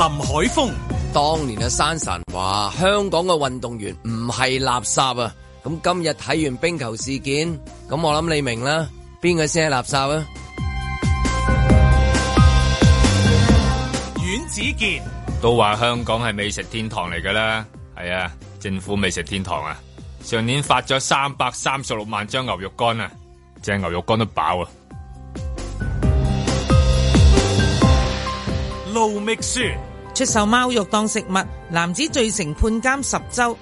林海峰，當年嘅山神話香港嘅運動員唔係垃圾啊！咁今日睇完冰球事件，咁我諗你明啦，邊個先係垃圾啊？阮子健都話香港係美食天堂嚟噶啦，係啊，政府美食天堂啊！上年發咗三百三十六萬張牛肉乾啊，隻牛肉乾都飽啊！盧覓雪。出售貓肉當食物，男子罪成判監十周，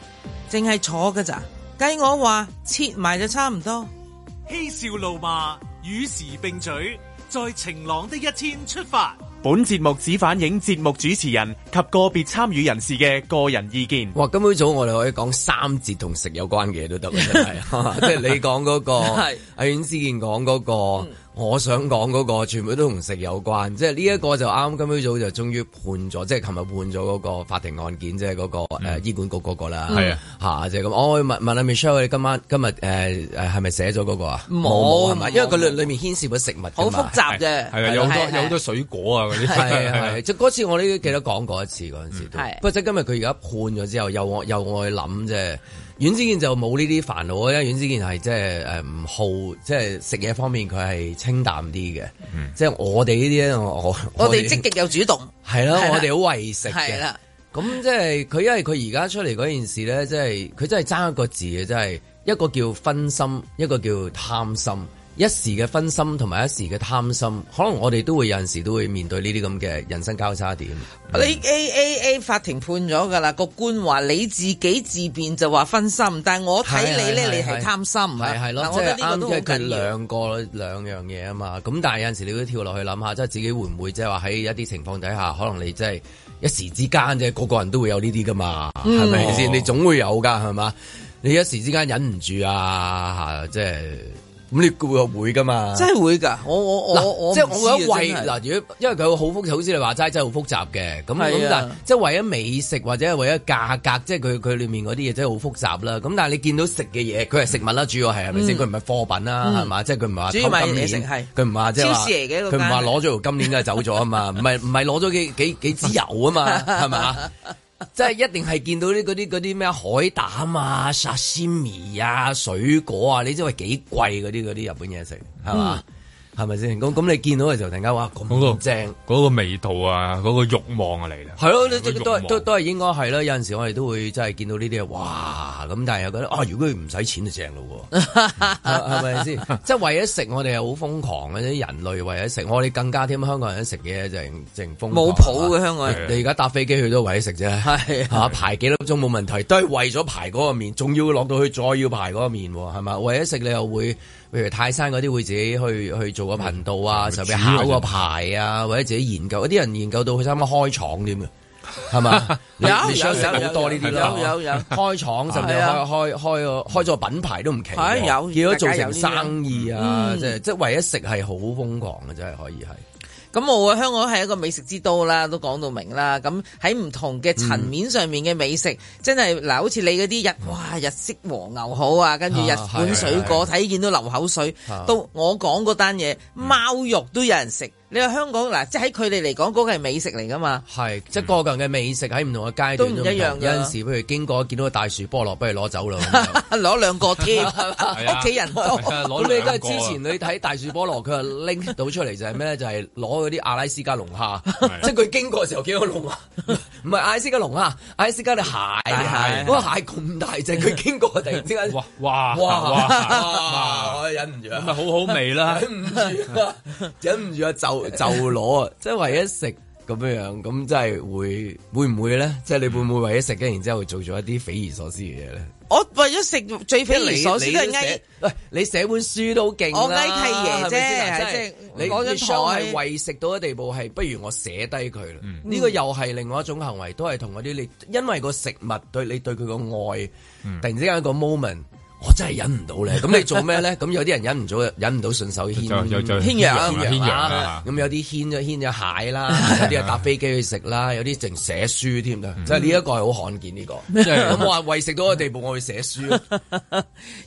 淨係坐噶咋？計我話切埋就差唔多，嬉笑怒罵，與時並舉，在晴朗的一天出發。本節目只反映節目主持人及個別參與人士嘅個人意見。哇，今朝早我哋可以講三節同食有關嘅嘢都得，即係你講嗰個， 阿阮思健講嗰個。 我想講嗰個全部都同食有關，即係呢一個就啱今朝早就終於判咗，即係琴日判咗嗰個法庭案件，即係嗰個誒醫管局嗰個啦，係啊即係咁。我問問阿 Michelle，你今晚今日誒誒係咪寫咗嗰個啊？冇，因為佢裏裏面牽涉到食物，好複雜啫，係啊，有好多有好多水果啊嗰啲，即係嗰次我呢記得講過一次嗰陣時，不過即係今日佢而家判咗之後，又我又我去諗啫。阮之健就冇呢啲煩惱啊，因為阮之健係即係誒唔好，即係食嘢方面佢係清淡啲嘅。即係、嗯、我哋呢啲我我哋積極又主動，係咯 啦，我哋好為食嘅。咁即係佢，因為佢而家出嚟嗰件事咧，即係佢真係爭一個字嘅，即係一個叫分心，一個叫貪心。一時嘅分心同埋一時嘅貪心，可能我哋都會有陣時都會面對呢啲咁嘅人生交叉點。你 A A A 法庭判咗噶啦，個、嗯、官話你自己自辯就話分心，但係我睇你咧，係係係係你係貪心，係係咯，我覺得呢個都好緊要。兩個兩樣嘢啊嘛，咁但係有陣時你都跳落去諗下，即係自己會唔會即係話喺一啲情況底下，可能你即係一時之間，即係個個人都會有呢啲噶嘛，係咪先？你總會有噶係嘛？你一時之間忍唔住啊，即係。咁你估又會噶嘛？真係會噶，我我嘍我我即係我為嗱，如果因為佢好複，好似你話齋真係好複雜嘅。咁咁是、啊、但係即係為咗美食或者係為咗價格，即係佢佢裏面嗰啲嘢真係好複雜啦。咁但係你見到食嘅嘢，佢係食物啦，主要係係咪先？佢唔係貨品啦，係嘛？即係佢唔係話偷食，係佢唔係即係佢唔係攞咗條金鏈梗係走咗啊嘛？唔係唔係攞咗幾幾幾支油啊嘛？係咪？ 即係一定係見到啲嗰啲啲咩海膽啊、沙西米啊、水果啊，你知唔知幾貴嗰啲啲日本嘢食係嘛？係咪先？咁咁你見到嘅時候，突然間哇，咁正，嗰、嗰個味道、嗰個、啊，嗰、嗰個慾望啊嚟啦！係、那、咯、個啊的，都都都係應該係咯。有陣時我哋都會真係見到呢啲嘢，哇！咁但係又覺得啊，如果佢唔使錢就正咯喎，係咪先？是是 即係為咗食，我哋係好瘋狂嘅啲人類。為咗食，我哋更加添香港人食嘢就正、是、正、就是、瘋。冇譜嘅香港人，的你而家搭飛機去都為咗食啫，係的排幾粒鐘冇問題，都係為咗排嗰個麵，仲要落到去再要排嗰個麵，係咪？為咗食你又會。譬如泰山嗰啲會自己去去做個頻道啊，甚至考個牌啊，或者自己研究，有啲人研究到佢差唔多開廠添嘅，係嘛？有有有多呢啲咯，有有有開廠，甚至開 開開個開咗個品牌都唔奇，啊，有，結果做成生意啊，嗯、即係即係唯一食係好瘋狂嘅，真係可以係。咁我嘅香港係一個美食之都啦，都講到明啦。咁喺唔同嘅層面上面嘅美食，嗯、真係嗱，好似你啲日哇，日式和牛好啊，跟住日本水果睇，啊、見都流口水。的都我講單嘢，貓、嗯、肉都有人食。你話香港嗱，即係喺佢哋嚟講，嗰個係美食嚟㗎嘛？係，即係個個人嘅美食喺唔同嘅階段都唔一樣。有陣時，譬如經過見到個大樹菠蘿，不如攞走啦，攞兩個添，屋企人攞，你都係之前你睇大樹菠蘿，佢話拎到出嚟就係咩？就係攞嗰啲阿拉斯加龍蝦，即係佢經過時候見到龍蝦，唔係阿拉斯加龍蝦，阿拉斯加啲蟹，嗰個蟹咁大隻，佢經過突然之間，哇哇哇！我忍唔住啊，咁咪好好味啦，忍唔住忍唔住啊就。就攞啊！即係為咗食咁樣樣，咁即係會會唔會咧？即係你會唔會為咗食跟，然之後做咗一啲匪夷所思嘅嘢咧？我為咗食最匪夷所思嘅嘢。喂，你寫本書都好勁啦。我嗌契爺啫，即係我我係為食到嘅地步，係不如我寫低佢啦。呢個又係另外一種行為，都係同嗰啲你因為個食物對你對佢嘅愛，突然之間一個 moment，我真係忍唔到咧，咁你做咩咧？咁有啲人忍唔到，忍唔到順手牽牽羊，牽羊咁有啲牽咗牽咗蟹啦，有啲又搭飛機去食啦，有啲淨寫書添即係呢一個係好罕見呢個，即、就、係、是、我話為食到個地步我寫， 我去寫書，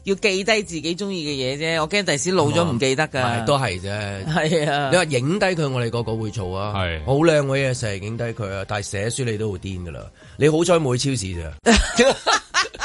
要記低自己中意嘅嘢啫，我驚第時老咗唔記得噶，都係啫，係啊，你話影低佢，我哋個個會做啊，好靚嘅嘢，成日影低佢啊，但係寫書你都會癲噶啦，你好彩冇去超市咋。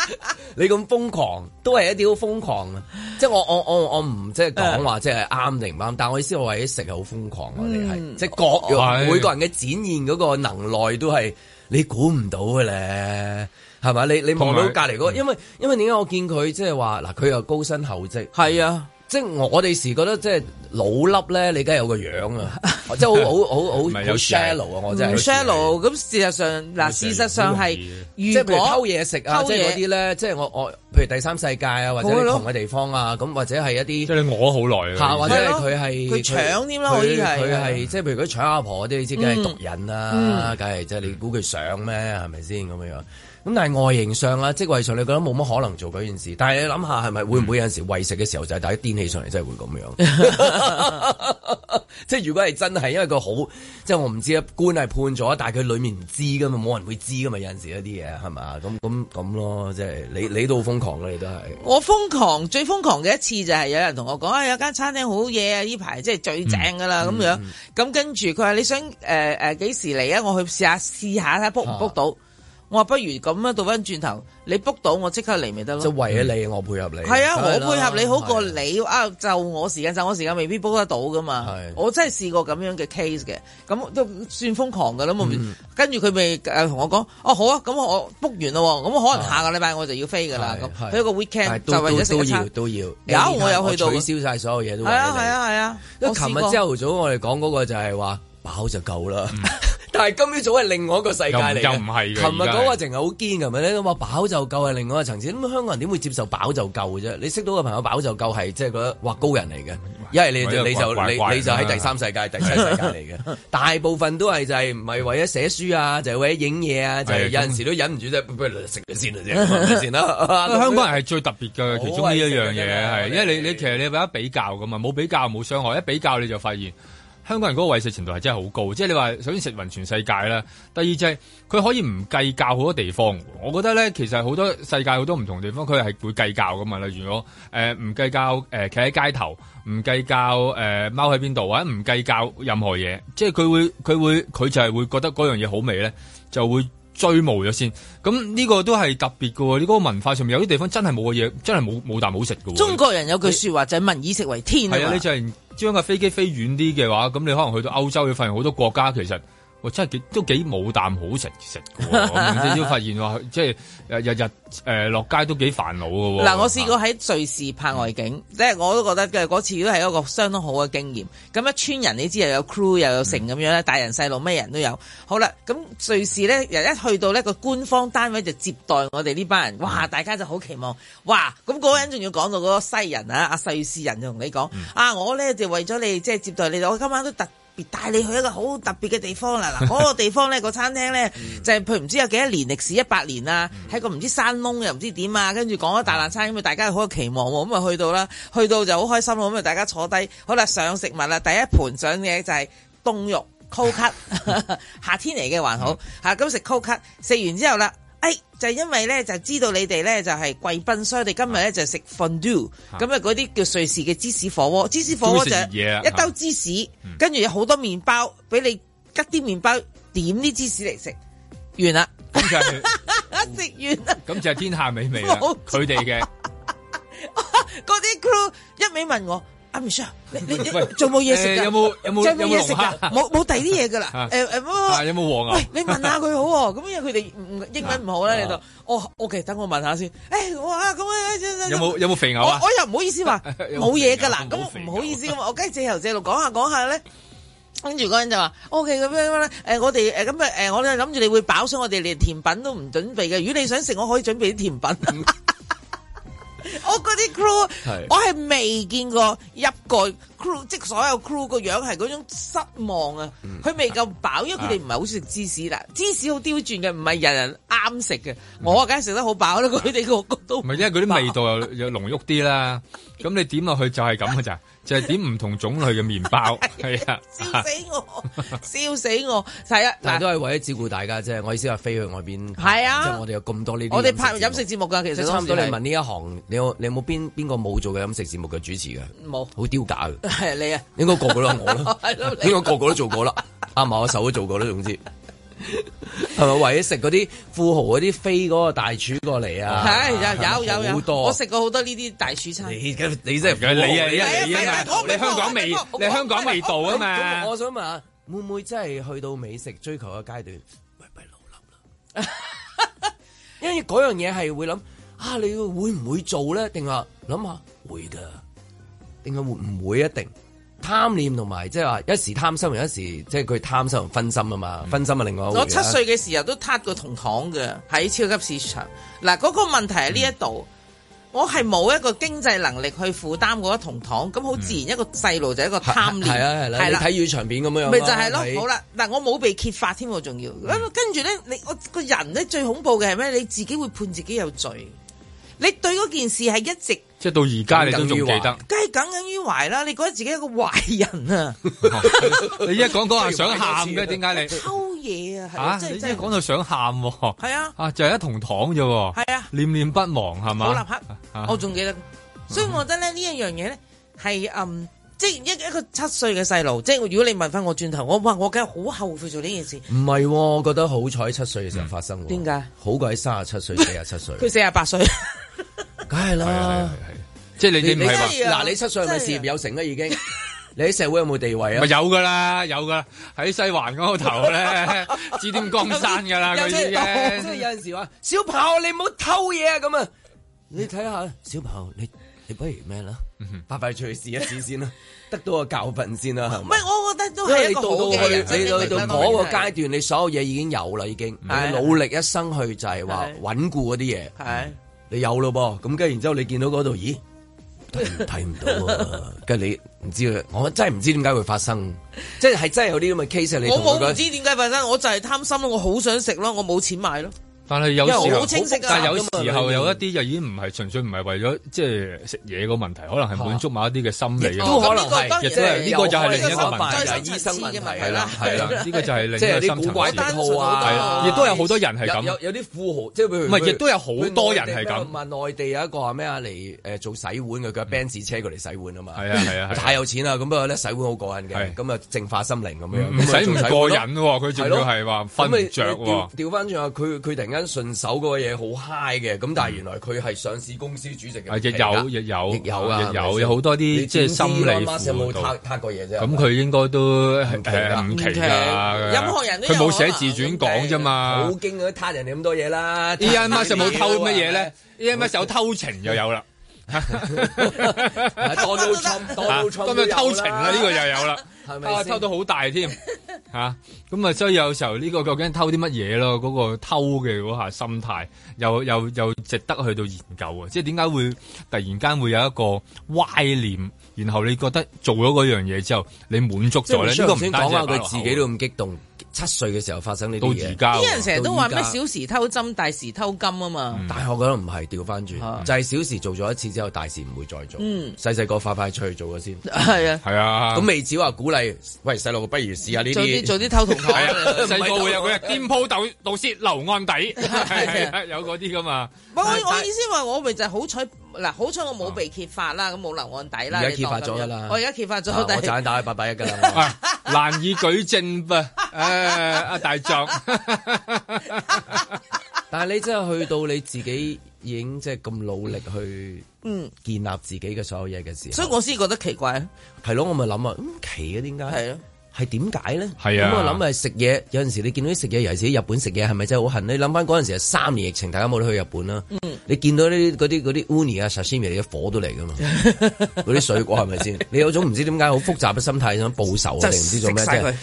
你咁瘋狂，都係一啲好瘋狂啊！即係我我我我唔即係講話即係啱定唔啱，但係我意思我為咗食係好瘋狂，你係、嗯、即係各樣每個人嘅展現嗰個能耐都係、哎、你估唔到嘅咧，係咪？你你望到隔籬嗰個，因為因為點解我見佢即係話嗱，佢又高薪厚職，係、嗯、啊。即係我哋時覺得即係老笠咧，你梗係有個樣啊！即係好好好好好 shallow 啊！我真係 shallow。咁事實上嗱，事實上係即係譬如偷嘢食啊，即係啲咧，即係我我譬如第三世界啊，或者唔同嘅地方啊，咁或者係一啲即係我好耐嚇，或者佢係佢搶添啦，可以係佢係即係譬如佢搶阿婆啲，你知梗係毒癮啊，梗係即係你估佢想咩？係咪先咁樣？咁但係外形上啊，職位上你覺得冇乜可能做嗰件事。但係你諗下，係咪會唔會有陣時喂食嘅時候就係大家癲起上嚟，真係會咁樣。 即係如果係真係，因為個好，即係我唔知啊，官係判咗，但係佢裏面唔知噶嘛，冇人會知噶嘛，有陣時一啲嘢係咪，咁咁咁咯。即係你你都好瘋狂噶，你都係我瘋狂，最瘋狂嘅一次就係有人同我講啊，有間餐廳好嘢啊，呢排即係最正噶啦咁樣。咁跟住佢話你想誒誒幾時嚟啊？我去試下試下睇撲唔撲到。我話不如咁啊，到翻轉頭，你 book 到我即刻嚟咪得咯。就為咗你，我配合你。係啊，我配合你好過你啊！就我時間，就我時間，未必 book 得到噶嘛。我真係試過咁樣嘅 case 嘅，咁都算瘋狂噶啦。跟住佢咪同我講，哦好啊，咁我 book 完啦，咁可能下個禮拜我就要飛噶啦。咁一個 weekend 就為咗出差，都要都要，而家我有去到，取消晒所有嘢都。係啊係啊係啊。我琴日朝頭早我哋講嗰個就係話飽就夠啦。係，今朝早係另外一個世界嚟嘅。又唔係。琴日講話，淨係好堅係咪？你話飽就夠係另外一個層次。咁香港人點會接受飽就夠嘅啫？你識到嘅朋友飽就夠係即係覺得哇高人嚟嘅。因為你你就你就喺第三世界、第七世界嚟嘅。大部分都係就係唔係為咗寫書啊，就係為咗影嘢啊，就係有陣時都忍唔住即係食嘅先嚟。香港人係最特別嘅其中呢一樣嘢，係因為你你其實你比較㗎嘛，冇比較冇傷害，一比較你就發現。香港人嗰個胃食程度係真係好高，即係你話，首先食匀全世界啦，第二就係佢可以唔計較好多地方。我覺得咧，其實好多世界好多唔同地方，佢係會計較噶嘛。例如我誒唔計較誒企喺街頭唔計較誒貓喺邊度或者唔計較任何嘢，即係佢會佢會佢就係會覺得嗰樣嘢好味咧，就會。追毛咗先，咁，這、呢個都係特別㗎喎。你，這、嗰個文化上面有啲地方真係冇嘅嘢，真係冇冇啖好食㗎喎。中國人有句説話，欸、就係民以食為天啊。啊，你就係將架飛機飛遠啲嘅話，咁你可能去到歐洲，你發現好多國家其實。真係幾都幾冇啖好食食，少少發現話 即係日日日誒落街都幾煩惱嘅嗱， 我試過喺瑞士拍外景，即咧、嗯、我都覺得嘅嗰次都係一個相當好嘅經驗。咁一村人你知又有 crew 又有成咁樣咧，大人細路咩人都有。好啦，咁瑞士咧，人一去到呢個官方單位就接待我哋呢班人。哇，大家就好期望。哇，咁嗰個人仲要講到嗰個西人啊，阿瑞士人就同你講、嗯、啊，我咧就為咗你即係接待你，我今晚都特。帶你去一個好特別嘅地方啦！嗱，嗰個地方呢、個餐廳呢，就係佢唔知有幾多年歷史，一百年啊！喺個唔知山窿又唔知點啊，跟住講咗大爛餐，咁啊大家好有期望喎，咁啊去到啦，去到就好開心咯，咁啊大家坐低，好啦上食物啦，第一盤上嘅就係凍肉 cold cut， 夏天嚟嘅還好嚇，咁食好、啊、cold cut，食完之後啦。哎、就係、是、因為咧，就知道你哋咧就係貴賓，所以我哋今日咧就食 fondue 咁啊嗰啲叫瑞士嘅芝士火鍋，芝士火鍋就一兜芝,、嗯、芝士，跟住有好多麵包，俾你吉啲麵包點啲芝士嚟食，完啦，食、就是、 完啦了，咁就天下美味，佢哋嘅，嗰啲 crew 一味問我。唔想，你你仲冇嘢食噶？有冇有冇有冇嘢食噶？冇冇第啲嘢噶啦？誒誒，有冇黃啊？喂，你問下佢好，咁因為佢哋唔英文唔好咧，喺度。哦，OK，等我問下先。誒，我啊咁樣有冇有冇肥牛啊？我又唔好意思話冇嘢噶啦，咁唔好意思咁啊，我梗係借頭借路講下講下咧。跟住嗰人就話 OK 咁樣咧，誒，我哋誒咁啊，誒，我諗住你會飽，所以我哋連甜品都唔準備嘅。如果你想食，我可以準備啲甜品。 我嗰啲些 crew，是我係未見過一個 crew，即所有 crew 個樣係嗰種失望啊！佢未夠飽，因為佢哋唔係好食芝士啦，芝士好刁鑽嘅，唔係人人啱食嘅。我梗係食得好飽啦，佢哋個個都唔係，因為嗰啲味道又又濃郁啲啦。 咁你點落去就係咁嘅咋？就係、是、點唔同種類嘅麵包。係 啊，笑死我，笑死我。係啊，但都係為咗照顧大家啫。我意思話飛去外邊。係啊，即係我哋有咁多呢啲。我哋拍飲食節目㗎，其實差唔多。你問呢一行，你有你有冇邊邊個冇做嘅飲食節目嘅主持㗎？冇沒，好丟架嘅。係你啊，應該個個都我啦， 我 應該個個都做過啦，啱嘛、 啊、我手都做過啦，總之。 係咪為咗食嗰啲富豪嗰啲飛嗰個大廚過嚟啊？係有有有好多！我食過好多呢啲大廚餐。你而家你真係你啊，你香港味你香港味道啊嘛。我想問下，會唔會真係去到美食追求嘅階段？老因為嗰樣嘢係會諗啊，你會唔會做咧？定話諗下會噶？定係會唔會一定？貪念同埋即係話一時貪心，有時即係佢貪心同分心啊嘛，分心啊另外。我七歲嘅時候都撻過同堂嘅喺超級市場。嗱，嗰個問題喺呢一度，嗯、我係冇一個經濟能力去負擔嗰一同堂。咁好自然、嗯、一個細路就一個貪念係啦係啦，睇要長片咁樣，咪就係咯，是好啦。嗱，我冇被揭發添，我仲要咁、嗯、跟住咧，你我個人咧最恐怖嘅係咩？你自己會判自己有罪，你對嗰件事係一直。一到而家你都仲記得，梗係耿耿於懷啦！你覺得自己係個壞人啊？你一講講話想喊嘅，點解你？偷嘢啊！嚇！你一講到想喊，係啊！啊，就係一同堂啫！係啊！念念不忘係嘛？好深刻，我仲記得。所以我覺得咧呢一樣嘢咧，係嗯，即係一一個七歲嘅細路。即係如果你問翻我轉頭，我話我梗係好後悔做呢件事。唔係，我覺得好彩七歲嘅時候發生喎。點解？好鬼三十七歲、四十七歲，佢四十八歲，梗係咯。即係你你唔係話嗱，你七歲係咪事業有成啦，已經你喺社會有冇地位啊？咪有噶啦，有噶啦喺西環嗰個頭咧，指點江山噶啦嗰啲，即係有陣時話小朋友你唔好偷嘢啊咁啊！你睇下小朋友，你你不如咩啦？快快出去試一試先啦，得到個教訓先啦，係咪？唔係，我覺得都係一個好嘅。你到到嗰個階段，你所有嘢已經有啦，已經係努力一生去就係話穩固嗰啲嘢。係你有咯噃，咁跟住然之後你見到嗰度，咦？睇唔到啊，到？ 跟住你唔知啦，我真係唔知點解會發生， 即係係真係有啲咁嘅 case。你我我唔知點解發生，我就係貪心咯，我好想食咯，我冇錢買咯。但係有時候，但係有時候有一啲又已經唔係純粹唔係為咗即係食嘢個問題，可能係滿足某一啲嘅心理都可能，亦即係呢個就係另一個問題。係啦，係啦，呢個就係另一個深層次即古怪單套啊，亦都有好多人係咁。有有啲富豪，即係譬如佢，亦都有好多人係咁。唔係內地有一個話咩啊嚟誒做洗碗嘅，叫開 Benz 車過嚟洗碗啊嘛。係啊係啊，太有錢啦！咁不過咧洗碗好過癮嘅，咁啊淨化心靈咁樣。唔洗唔過癮喎，佢仲要係話瞓唔著喎。調調翻轉啊，佢佢突然間。順手嗰個嘢好 high 嘅，咁但係原來佢係上市公司主席嘅，亦有亦有，亦有啊，有好多啲即係心理嘢啫。咁佢應該都係唔期噶，任何人佢冇寫自傳講啫嘛，冇經過他人哋咁多嘢啦。EMS 上冇偷乜嘢咧？EMS 有偷情就有啦，多到慘，多到慘，咁啊偷情啦，呢個又有啦。啊！係咪偷到好大添嚇，咁啊，所以有時候呢個究竟偷啲乜嘢咯？嗰、嗰個偷嘅嗰下心態，又又又值得去到研究啊！即係點解會突然間會有一個歪念，然後你覺得做咗嗰樣嘢之後，你滿足咗咧？呢個唔講話佢自己都咁激動。七歲嘅時候發生呢啲嘢，啲人成日都話咩小時偷針，大時偷金啊嘛。但係我、嗯、覺得唔係，調翻轉就係小時做咗一次之後，大時唔會再做。嗯，細細個快快脆去做咗先。係、嗯、啊，係啊。咁未止話鼓勵，喂，細路不如試下呢啲做啲偷童鞋。細個、 啊、會有嗰啲店鋪豆導師留案底， 啊啊、有嗰啲噶嘛。我我意思話，我咪就係好彩。嗱，好彩我冇被揭發啦，咁冇、啊、留案底啦。而家揭發咗啦、啊，我而家揭發咗，我陣間打八八一噶啦，難以舉證噃。誒、 啊，阿大狀， 但係你真係去到你自己已經，即係咁努力去建立自己嘅所有嘢嘅時候、嗯，所以我先覺得奇怪啊。係咯，我咪諗啊，咁、嗯、奇啊，點解？係啊係點解咧？咁、啊嗯、我諗係食嘢，有陣時你見到啲食嘢，尤其是喺日本食嘢，係咪真係好恨？你諗翻嗰陣時係三年疫情，大家冇得去日本啦。嗯、你見到呢啲啲啲 uni 啊、sashimi 啊火都嚟噶嘛？嗰啲水果係咪先？你有種唔知點解好複雜嘅心態想報仇啊？定唔知做咩啫？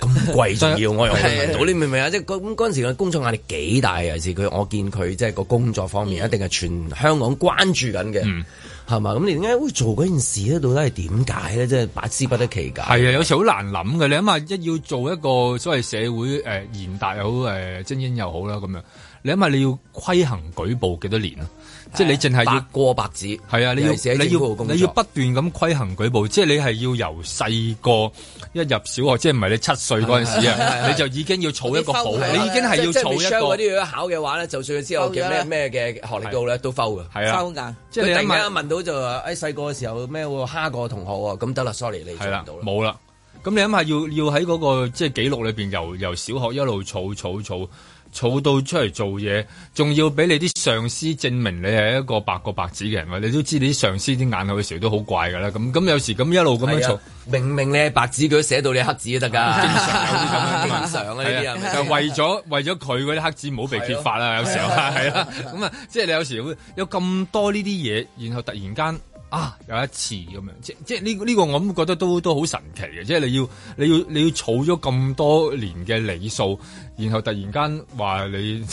咁貴重要，我又唔到你明唔明啊？即係咁嗰陣時嘅工作壓力幾大，尤其是佢，我見佢即係個工作方面一定係全香港關注緊嘅。係嘛？咁你點解會做嗰件事咧？到底係點解咧？真係百思不得其解。係啊，有時好難諗嘅。你諗下，一要做一個所謂社會誒，賢達又好，誒、呃，精英又好啦，咁樣，你諗下你要規行矩步幾多年啊？即係你淨係要過白紙，係啊！你要你要你要不斷咁規行舉報，即係你係要由細個一入小學，即係唔係你七歲嗰陣時啊，你就已經要儲一個簿，你已經係要儲一個。嗰啲要考嘅話咧，就算之後叫咩咩嘅學歷度咧都收嘅，係啊。收硬。即係你突然間問到就誒細個嘅時候咩蝦過同學啊，咁得啦，sorry 你做唔到啦。冇啦。咁你諗下要要喺嗰個即係記錄裏邊，由由小學一路儲儲儲。儲到出嚟做嘢，仲要俾你啲上司證明你係一個白過白紙嘅人，你都知你啲上司啲眼口嘅時候都好怪噶啦。咁咁有時咁一路咁樣做，嗯，明明你白紙，佢寫到你黑紙都得噶。經常有啲常啊呢啲人就為咗為咗佢嗰啲黑字冇被揭發啦，有時候係啦。咁啊，即係你有時會有咁多呢啲嘢，然後突然間。啊！有一次咁樣，即即呢呢、這個這個我諗覺得都都好神奇嘅，即係你要你要你要儲咗咁多年嘅里數，然後突然間話你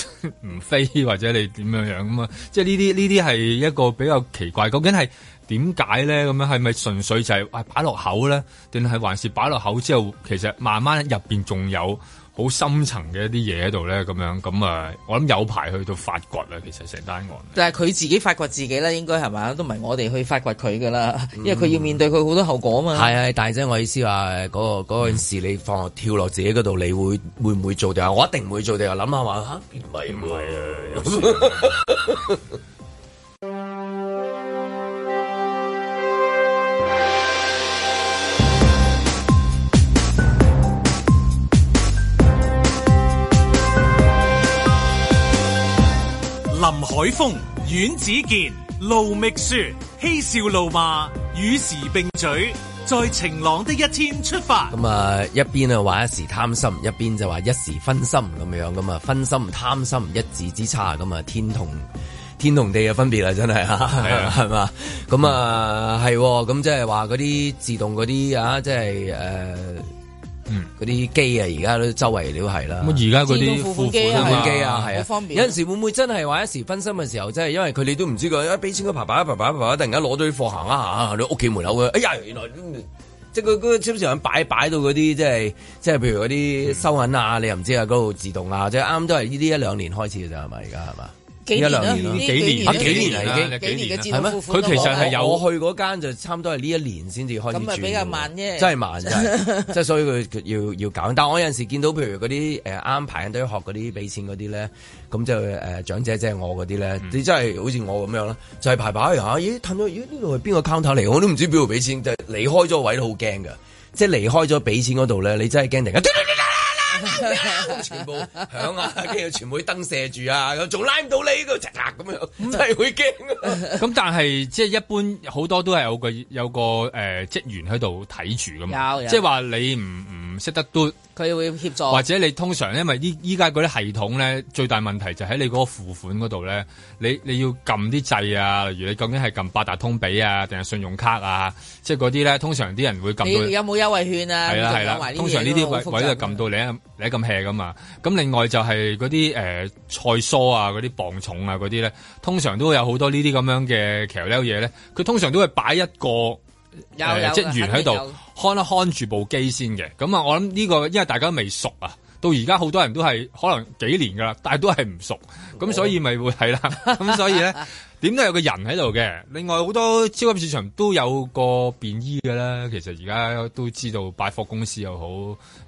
唔飛或者你點樣樣咁啊！即係呢啲呢啲係一個比較奇怪，究竟係點解咧？咁樣係咪純粹就係擺落口咧，定係還是擺落口之後其實慢慢入邊仲有？好深層嘅一啲嘢喺度咧，咁樣咁啊！我諗有排去到發掘啊，其實成單案。但係佢自己發掘自己啦，應該係咪？都唔係我哋去發掘佢噶啦，因為佢要面對佢好多後果啊嘛。係係、嗯，大姐，我意思話，嗰、嗰個嗰、嗰個、你放跳落自己嗰度，你會會唔會做定？我一定唔會做定，諗下嘛嚇？唔係唔係啊！ 林海峰、阮子健、盧覓雪，嬉笑怒罵，與時並舉，在晴朗的一天出發。咁啊，一邊啊話一時貪心，一邊就話一時分心咁樣，咁啊分心貪心一字之差，咁啊天同天同地嘅分別啦，真係啊，係嘛？咁啊係，咁即係話嗰啲自動嗰啲啊，即係誒。嗰啲機啊，而家都周圍都係啦。咁而家嗰啲支付機啊，係啊，方便，有陣時會唔會真係話一時分心嘅時候，真係因為佢哋都唔知佢一俾錢佢爸、爸爸、爸爸，突然間攞咗啲貨行啊嚇，你屋企門口，哎呀，原來即係佢個超市咁擺擺到嗰啲，即係即係譬如嗰啲收銀啊，你又唔知啊，嗰度自動啊，即係啱都係呢啲一兩年開始嘅咋，係咪而家係嘛？一年幾年啦？幾年？嚇！幾年嚟嘅？幾年嘅自動付款都冇，佢其實係有去嗰間，就差唔多係呢一年先至開始轉。咁比較慢啫。真係慢㗎，即係所以佢要要講。但我有陣時見到，譬如嗰啲誒安排喺度學嗰啲俾錢嗰啲咧，咁就誒長者即係我嗰啲咧，你真係好似我咁樣啦，就係排排下，咦，褪咗，咦，呢度係邊個 account 嚟？我都唔知邊度俾錢，就離開咗位都好驚㗎，即係離開咗俾錢嗰度咧，你真係驚突 全部響啊！跟住全部燈射住啊！仲拉唔到你，個隻客咁樣，真係會驚。咁 但係即係一般好多都係有個有個誒職、呃、員喺度睇住噶嘛，即係話你唔唔識得都佢會協助，或者你通常因為依依家嗰啲系統咧，最大問題就喺你嗰個付款嗰度咧，你你要撳啲掣啊，例如你究竟係撳八達通俾啊，定係信用卡啊，即係嗰啲咧，通常啲人會撳到你有冇優惠券啊？係啦係啦，通常呢啲位會去撳到你。咧咁吃 e 噶嘛，咁另外就係嗰啲誒菜蔬啊、嗰啲磅重啊、嗰啲咧，通常都有好多呢啲咁樣嘅 c h 嘢咧，佢通常都會擺一個職員喺度看咧看住部機先嘅，咁啊、呢個，我諗呢個因為大家都未熟啊，到而家好多人都係可能幾年噶啦，但係都係唔熟，咁哇所以咪會係啦，咁所以咧。點解有個人喺度嘅，另外好多超級市場都有個便衣嘅啦。其實而家都知道百貨公司又好，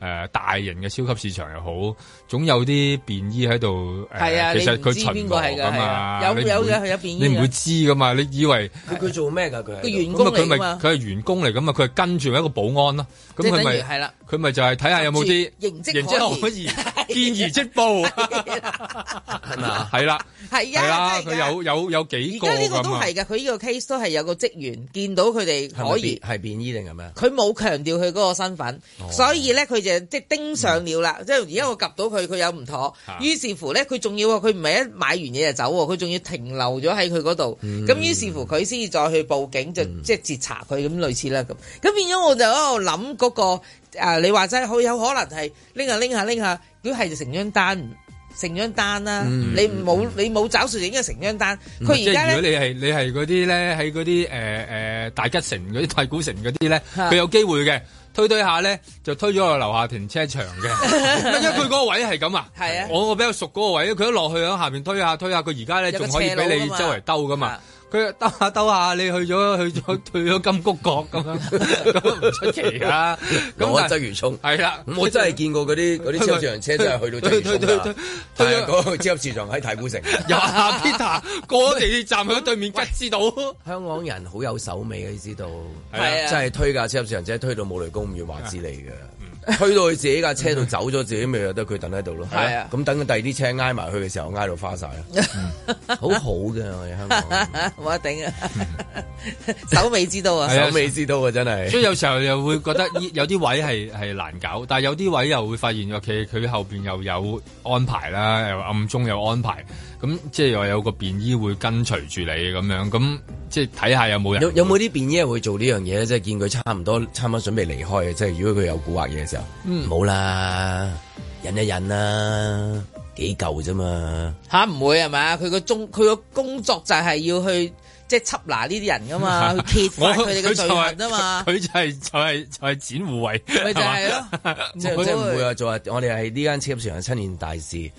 誒，大型嘅超級市場又好，總有啲便衣喺度。係啊，其實佢巡防，咁嘛，有有嘅？佢有便衣。你唔會知噶嘛？你以為佢做咩噶？佢員工嚟噶嘛？佢係員工嚟，咁嘛。佢係跟住一個保安咯。咁佢咪係啦？佢咪就係睇下有冇啲形跡可疑，見疑即報。嗱，係啦。係啊，佢、啊、有有有幾個咁呢個都係嘅，佢呢個 case 都係有個職員見到佢哋可以係便衣定係咩？佢冇強調佢嗰個身份，哦、所以咧佢就即係盯上了啦。即係而家我及到佢，佢有唔妥，啊、於是乎咧佢仲要佢唔係一買完嘢就走，佢仲要停留咗喺佢嗰度。咁、嗯、於是乎佢先至再去報警，就即係截查佢咁、嗯、類似啦咁。咁變咗我就喺度諗嗰個、啊、你話齋好有可能係拎下拎下拎下，如果係就成張單。成張單啦，啊嗯，你冇你冇找數就已經係成張單。佢即如果你係你係嗰啲咧，喺嗰啲誒誒大吉城啲太古城嗰啲咧，佢的有機會嘅推推下咧，就推咗去樓下停車場嘅。 因為佢嗰個位係咁啊？係啊的，我我比較熟嗰個位，佢一落去響下邊推下推下，佢而家咧仲可以俾你周圍兜噶嘛。佢兜下兜下，你去咗去咗退咗金谷角咁樣，咁唔出奇啊！我係鰂魚涌，係啦是、 嗯，我真係見過嗰啲嗰啲超級市場車真係去到鰂魚涌啦，係啊，超級市場喺太古城，有下 Peter 過咗地鐵站響對面吉之島，喂香港人好有手尾嘅，你知道係啊，真係推架超級市場車，推到冇雷公、五元話之利嘅。推到佢自己架車度走咗，自己咪又得佢等喺度咯。係啊，咁、嗯、等佢第二啲車挨埋去嘅時候，挨到花晒啦，嗯、 好好嘅我哋香港，冇得頂啊！手未知道啊，手未知道啊，真係。 所以有時候又會覺得有啲位係係難搞，但係有啲位又會發現，尤其佢後邊又有安排啦，又暗中有安排。咁、嗯、即係又有個便衣會跟隨住你咁樣，咁即係睇下有冇人有，有冇啲便衣會做樣，呢樣嘢，即係見佢差唔多差唔多準備離開，即係如果佢有蠱惑嘢嘅時候，唔好、嗯、啦，忍一忍啦，幾舊啫嘛吓，唔會係嘛？佢個、啊、中佢個工作就係要去即係緝拿呢啲人噶嘛，揭晒佢哋嘅罪行啊嘛，佢 就係、是、就係、是、就係展護衛，咪就係、是、咯，即係即係唔會話做啊！做我哋係呢間超級市場嘅七年大事。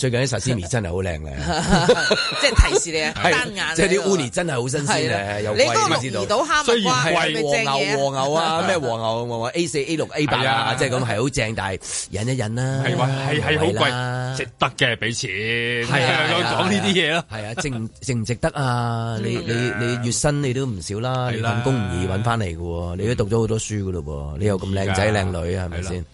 最近啲壽司咪真係好靚嘅，即係提示你啊，單眼！即係啲烏尼真係好新鮮嘅，又貴。你都唔知？皮島蝦米瓜和牛、和牛啊，咩和牛、和牛 A 四、A 六、A 八啊，即係咁係好正，但係忍一忍啦。係話係好貴，值得嘅俾錢。係講呢啲嘢咯。係啊，值值唔值得啊？你你你月薪你都唔少啦，你揾工唔易揾翻嚟嘅喎，你都讀咗好多書嘅嘞噃，你又咁靚仔靚女，係咪先？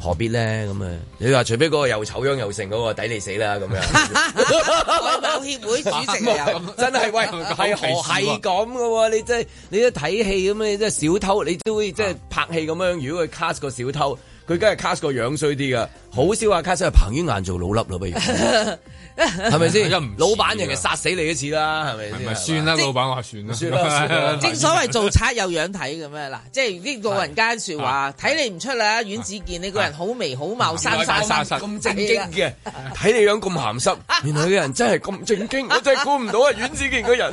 何必咧咁啊？你話除非嗰個又醜樣又剩嗰、嗰個，抵你死啦咁樣。網友協會主席又 真係喂，係係咁噶喎！你真係你一睇戲咁啊，你真係小偷，你都會即係拍戲咁樣。如果佢 cast 個小偷，佢梗係 cast 個樣衰啲噶。好少話 cast 係彭于晏做老笠咯，不如。 係咪先？一唔，老闆人哋殺死你一次啦，係咪先？唔算啦，老闆話算啦，算啦。正所謂做賊有樣睇嘅咩？嗱，即係呢個人間說話，睇你唔出啦，阮子健，你個人好眉好貌，生沙沙沙，咁正經嘅，睇你樣咁咸濕，原來嘅人真係咁正經，我真係估唔到啊，阮子健個人。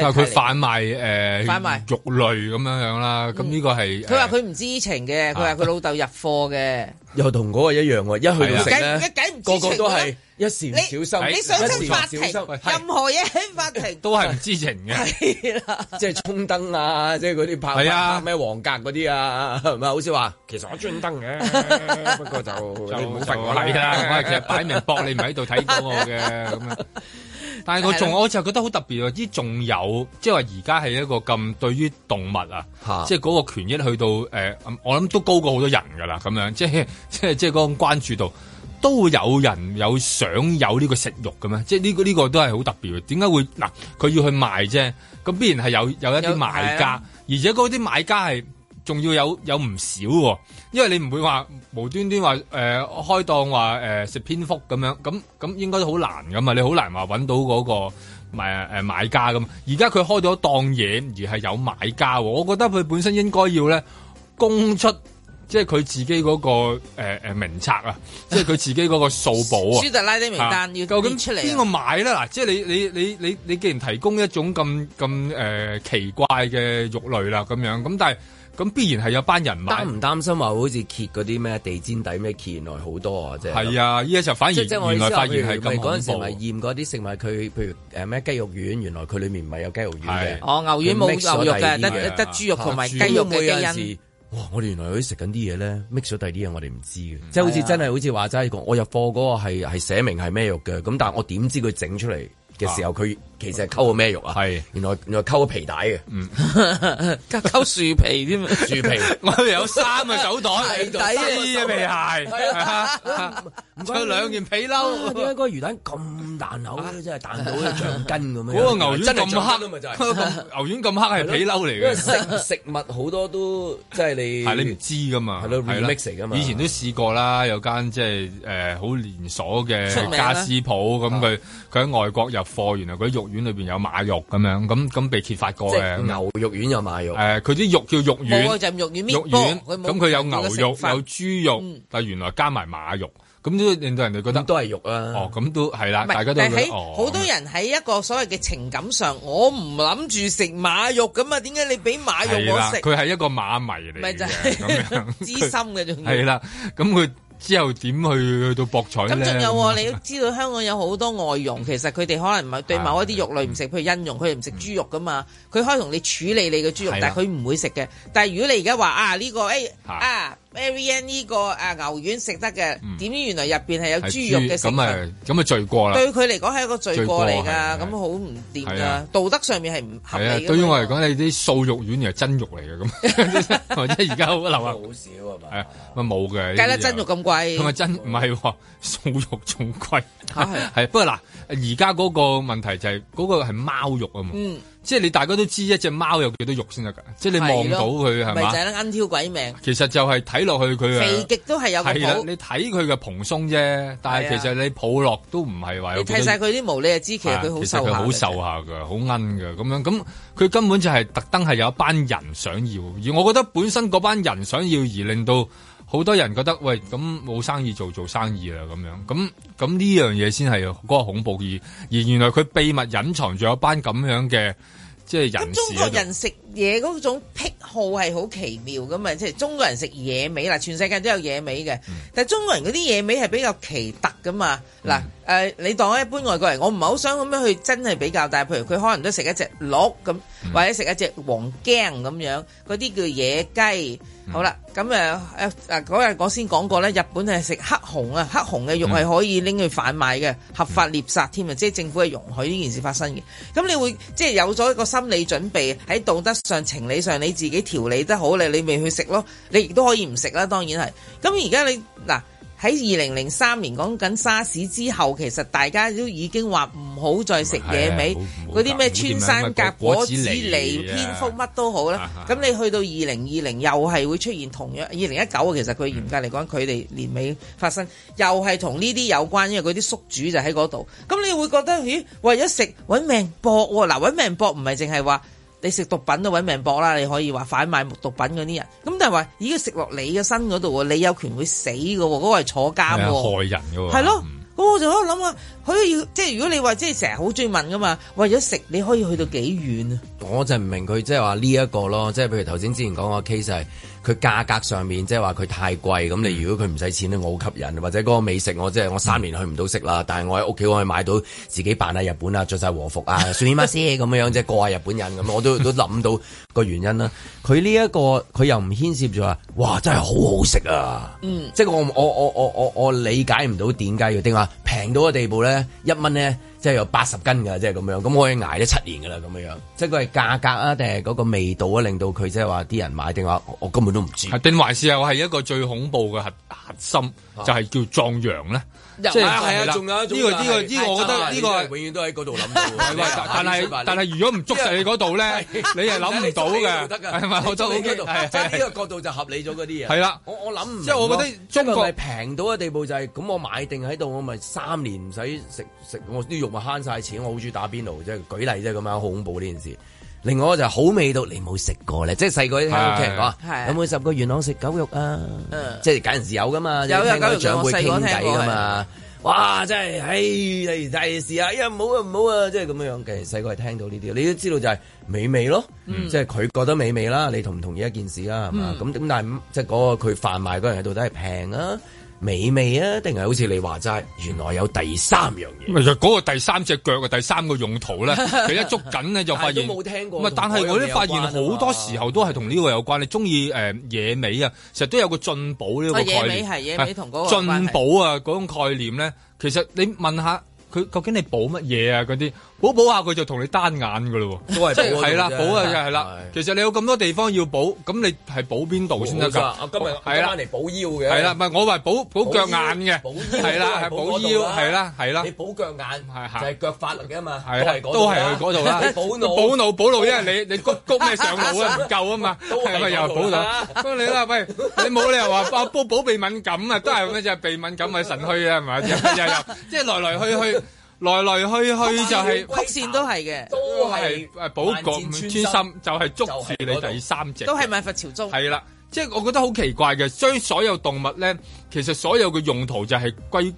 但係佢販賣誒肉類咁樣樣啦，咁呢個係佢話佢唔知情嘅，佢話佢老豆入貨嘅，又同嗰個一樣喎，一去就死啦，個個都係一時唔小心，你上身法庭，任何嘢喺法庭都係唔知情嘅，即係衝燈啊，即係嗰啲拍咩黃格嗰啲啊，唔係好似話，其實我專登嘅，不過就你唔好訓啦，我係其實擺明博你唔喺度睇到我嘅咁啊。但係我仲，我就覺得好特別喎！咦仲有，即係話而家係一個咁對於動物啊，即係嗰個權益去到誒、呃，我諗都高過好多人㗎啦。咁樣即係即係即係嗰種關注度，都會有人有想有呢個食肉嘅咩？即係、呢個、呢個呢、呢個都係好特別嘅。點解會嗱佢要去賣啫？咁必然係有有一啲買家，而且嗰啲買家係。仲要有有唔少喎，哦，因為你唔會話無端端話誒、呃、開檔話誒、呃、食蝙蝠咁樣咁咁應該都好難㗎嘛。你好難話揾到嗰個誒誒買家咁。而家佢開咗檔嘢而係有買家，我覺得佢本身應該要咧供出，即係佢自己嗰、那個誒、呃、名冊啊，即係佢自己嗰個數簿啊。舒特拉啲名單、啊、要究竟出嚟邊個買咧？嗱，即係你你你你你既然提供一種咁咁誒奇怪嘅肉類啦，咁樣咁但係。咁必然係有班人埋。擔唔擔心話好似揭嗰啲咩地氈底咩揭內好多啊？即係係啊！依家就反而原來發現係咁恐怖。嗰陣時咪驗嗰啲食物，佢譬如誒咩、呃、雞肉丸，原來佢裡面唔係有雞肉丸嘅。哦，牛丸冇牛肉嘅，得得、得豬肉同埋、啊、雞肉嘅基因。哇！我哋原來嗰啲食緊啲嘢咧，mix 咗第二啲嘢，我哋唔知、啊、即係好似真係好似話齋講，我入貨嗰個係係寫明係咩肉嘅，咁但係我點知佢整出嚟嘅時候佢？啊其實係溝個咩肉啊？係原來原來溝皮帶嘅，格溝樹皮添啊！樹皮我哋有三啊，手袋、皮帶、皮鞋。唔該兩件皮褸。點解個魚蛋咁彈口嘅？真係彈到好似橡筋咁樣。嗰個牛丸咁黑嘅嘛？就係牛丸咁黑係皮褸嚟嘅。食物好多都即係你係你唔知噶嘛？係啊，mix 嚟㗎嘛？以前都試過啦，有間即係誒好連鎖嘅家私鋪咁，佢佢喺外國入貨，原來佢肉丸裏邊有馬肉咁樣，咁咁被揭發過嘅。牛肉丸有馬肉。誒，佢啲肉叫肉丸。肉丸肉丸，咁佢有牛肉，有豬肉，但係原來加埋馬肉，咁都令到人哋覺得都係肉啊。哦，咁都係啦，大家都。但係喺好多人喺一個所謂嘅情感上，我唔諗住食馬肉咁啊，點解你俾馬肉我食？佢係一個馬迷嚟，咪就係知心嘅，仲要係啦。咁佢。之後點去去到博彩咁仲有，哦， 你要知道香港有好多外傭，嗯、其實佢哋可能唔係對某一啲肉類唔食，嗯、譬如印傭，佢哋唔食豬肉㗎嘛，佢、嗯、可以同你處理你嘅豬肉，嗯、但係佢唔會食嘅。啊、但係如果你而家話啊呢個誒啊。這個哎啊啊 Avian 呢個誒牛丸食得嘅，點知原來入邊係有豬肉嘅成分。咁咪咁咪罪過啦。對佢嚟講係一個罪過嚟噶，咁好唔掂噶，道德上面係唔合理。係啊，對於我嚟講，你啲素肉丸又係真肉嚟嘅咁，即係而家好啊好少啊嘛。啊，咪冇嘅。梗得真肉咁貴。咁埋真唔係喎，素肉仲貴。係，不過嗱，而家嗰個問題就係嗰個係貓肉啊嘛。即係你大家都知一隻貓有幾多肉先得㗎，即係你望到佢係咪就係、是、啦，鈎挑鬼命。其實就係睇落去佢肥極都係有。係你睇佢嘅蓬鬆啫，但係其實你抱落都唔係話。你睇曬佢啲毛，你就知其實佢好瘦下。好瘦下㗎，好鈎㗎咁樣。咁佢根本就係特登係有一班人想要，而我覺得本身嗰班人想要而令到。好多人覺得，喂，咁冇生意做，做生意啦咁樣，咁咁呢樣嘢先係嗰個恐怖意，而原來佢秘密隱藏住一班咁樣嘅即係人。咁中國人食嘢嗰種癖好係好奇妙噶嘛，即係中國人食野味啦，全世界都有野味嘅，嗯、但係中國人嗰啲野味係比較奇特噶嘛，嗱。嗯誒、呃，你當一般外國人，我唔係好想咁樣去真係比較，大，譬如佢可能都食一隻鹿咁，或者食一隻黃麖咁樣，嗰啲叫野雞。嗯、好啦，咁誒誒嗰日我先講過咧，日本係食黑熊啊，黑熊嘅肉係可以拎去販賣嘅，合法獵殺添啊，即係政府係容許呢件事發生嘅。咁你會即係有咗一個心理準備喺道德上、情理上，你自己調理得好咧，你咪去食咯。你亦都可以唔食啦，當然係。咁而家你嗱。喺二零零三年講緊沙士之後，其實大家都已經話唔好再食野味，嗰啲咩穿山甲、果子狸、蝙蝠乜都好啦。咁、啊啊、你去到二零二零又係會出現同樣，二零一九其實佢嚴格嚟講，佢哋、嗯、年尾發生又係同呢啲有關，因為嗰啲宿主就喺嗰度。咁你會覺得，咦？為咗食揾命搏、啊，嗱、啊、揾命搏唔係淨係話。你食毒品都揾命搏啦，你可以話販賣毒品嗰啲人，咁但係話已經食落你嘅身嗰度喎，你有權會死嘅喎，嗰、那個係坐監喎，害人嘅喎，係咯的，咁、嗯、我就喺度諗啊，佢要。即係如果你話即係成日好追問嘅嘛，為咗食你可以去到幾遠啊、嗯？我就唔明佢即係話呢一個咯，即係譬如頭先之前講個 case。佢價格上面即係話佢太貴，咁你如果佢唔使錢咧，我好吸引；或者嗰個美食，我即係我三年去唔到食啦，但係我喺屋企可以買到自己扮下日本啊，着晒和服啊，算乜先咁樣，即係過下日本人咁，我都都諗到。個原因啦，佢呢一個佢又唔牽涉住話，哇！真係好好食啊，嗯，即係我我我我我我理解唔到點解要，定話平到嘅地步咧，一蚊咧即係有八十斤㗎，即係咁樣，咁我可以捱咗七年噶啦，咁樣，即係佢係價格啊，定係嗰個味道啊，令到佢即係話啲人買，定話我，我根本都唔知，定還是係我係一個最恐怖嘅核，核心，就係、是、叫壯陽咧。即係係啊，仲有一種呢個呢個呢，我覺得呢個永遠都喺嗰度諗嘅。但係但係如果唔捉實你嗰度咧，你係諗唔到嘅。係咪我都好 k 即係呢個角度就合理咗嗰啲嘢。係啦，我我諗唔即係我覺得中國係平到嘅地步，就係咁，我買定喺度，我咪三年唔使食食，我啲肉咪慳晒錢。我好中意打邊爐，即係舉例即係咁樣，好恐怖呢件事。另外就好味道，你冇食過咧，即係細個聽屋企人講，的有冇十個元朗食狗肉啊？是的即係嗰陣時有噶嘛，有，有狗肉長輩傾偈噶嘛？哇！真係，唉、哎，例如第時啊，呀、哎，唔好啊，唔好啊，即係咁樣樣嘅。細個係聽到呢啲，你都知道就係美味咯，嗯、即係佢覺得美味啦。你同唔同意一件事啦、啊？咁咁、嗯嗯、但係即係嗰個佢販賣嗰人係到底係平啊？美味啊，定係好似你話齋，原來有第三樣嘢。嗰個第三隻腳嘅第三個用途咧，佢 一捉緊咧就發現冇 聽過。不但係我咧發現好、啊、多時候都係同呢個有關。你中意誒野味啊，其實都有個進補呢個概念。野味係同嗰個進補啊嗰種概念咧，其實你問下佢究竟你補乜嘢啊嗰啲。補補下佢就同你單眼噶咯，都係補嘅啫。係啦，補嘅就係啦。其實你有咁多地方要補，咁你係補邊度先得噶？我今日係啦，嚟補腰嘅。係啦，唔係我咪補補腳眼嘅。補腰係啦，係補腰係啦，係啦。你補腳眼，就係腳法嚟嘅嘛。係係，都係喺嗰度啦。你補腦，補腦，因為你你谷谷咩上腦啊，唔夠啊嘛。咁啊又補腦。咁你啦，喂，你冇理由話補補鼻敏感啊，都係咩啫？鼻敏感係腎虛啊，係咪？又又又，即係來來去去。來來去去就係曲線都係嘅，都係誒保國穿心就係捉住你第三隻，都係萬佛朝宗。係啦，即係我覺得好奇怪嘅，將所，所有動物咧，其實所有嘅用途就係歸，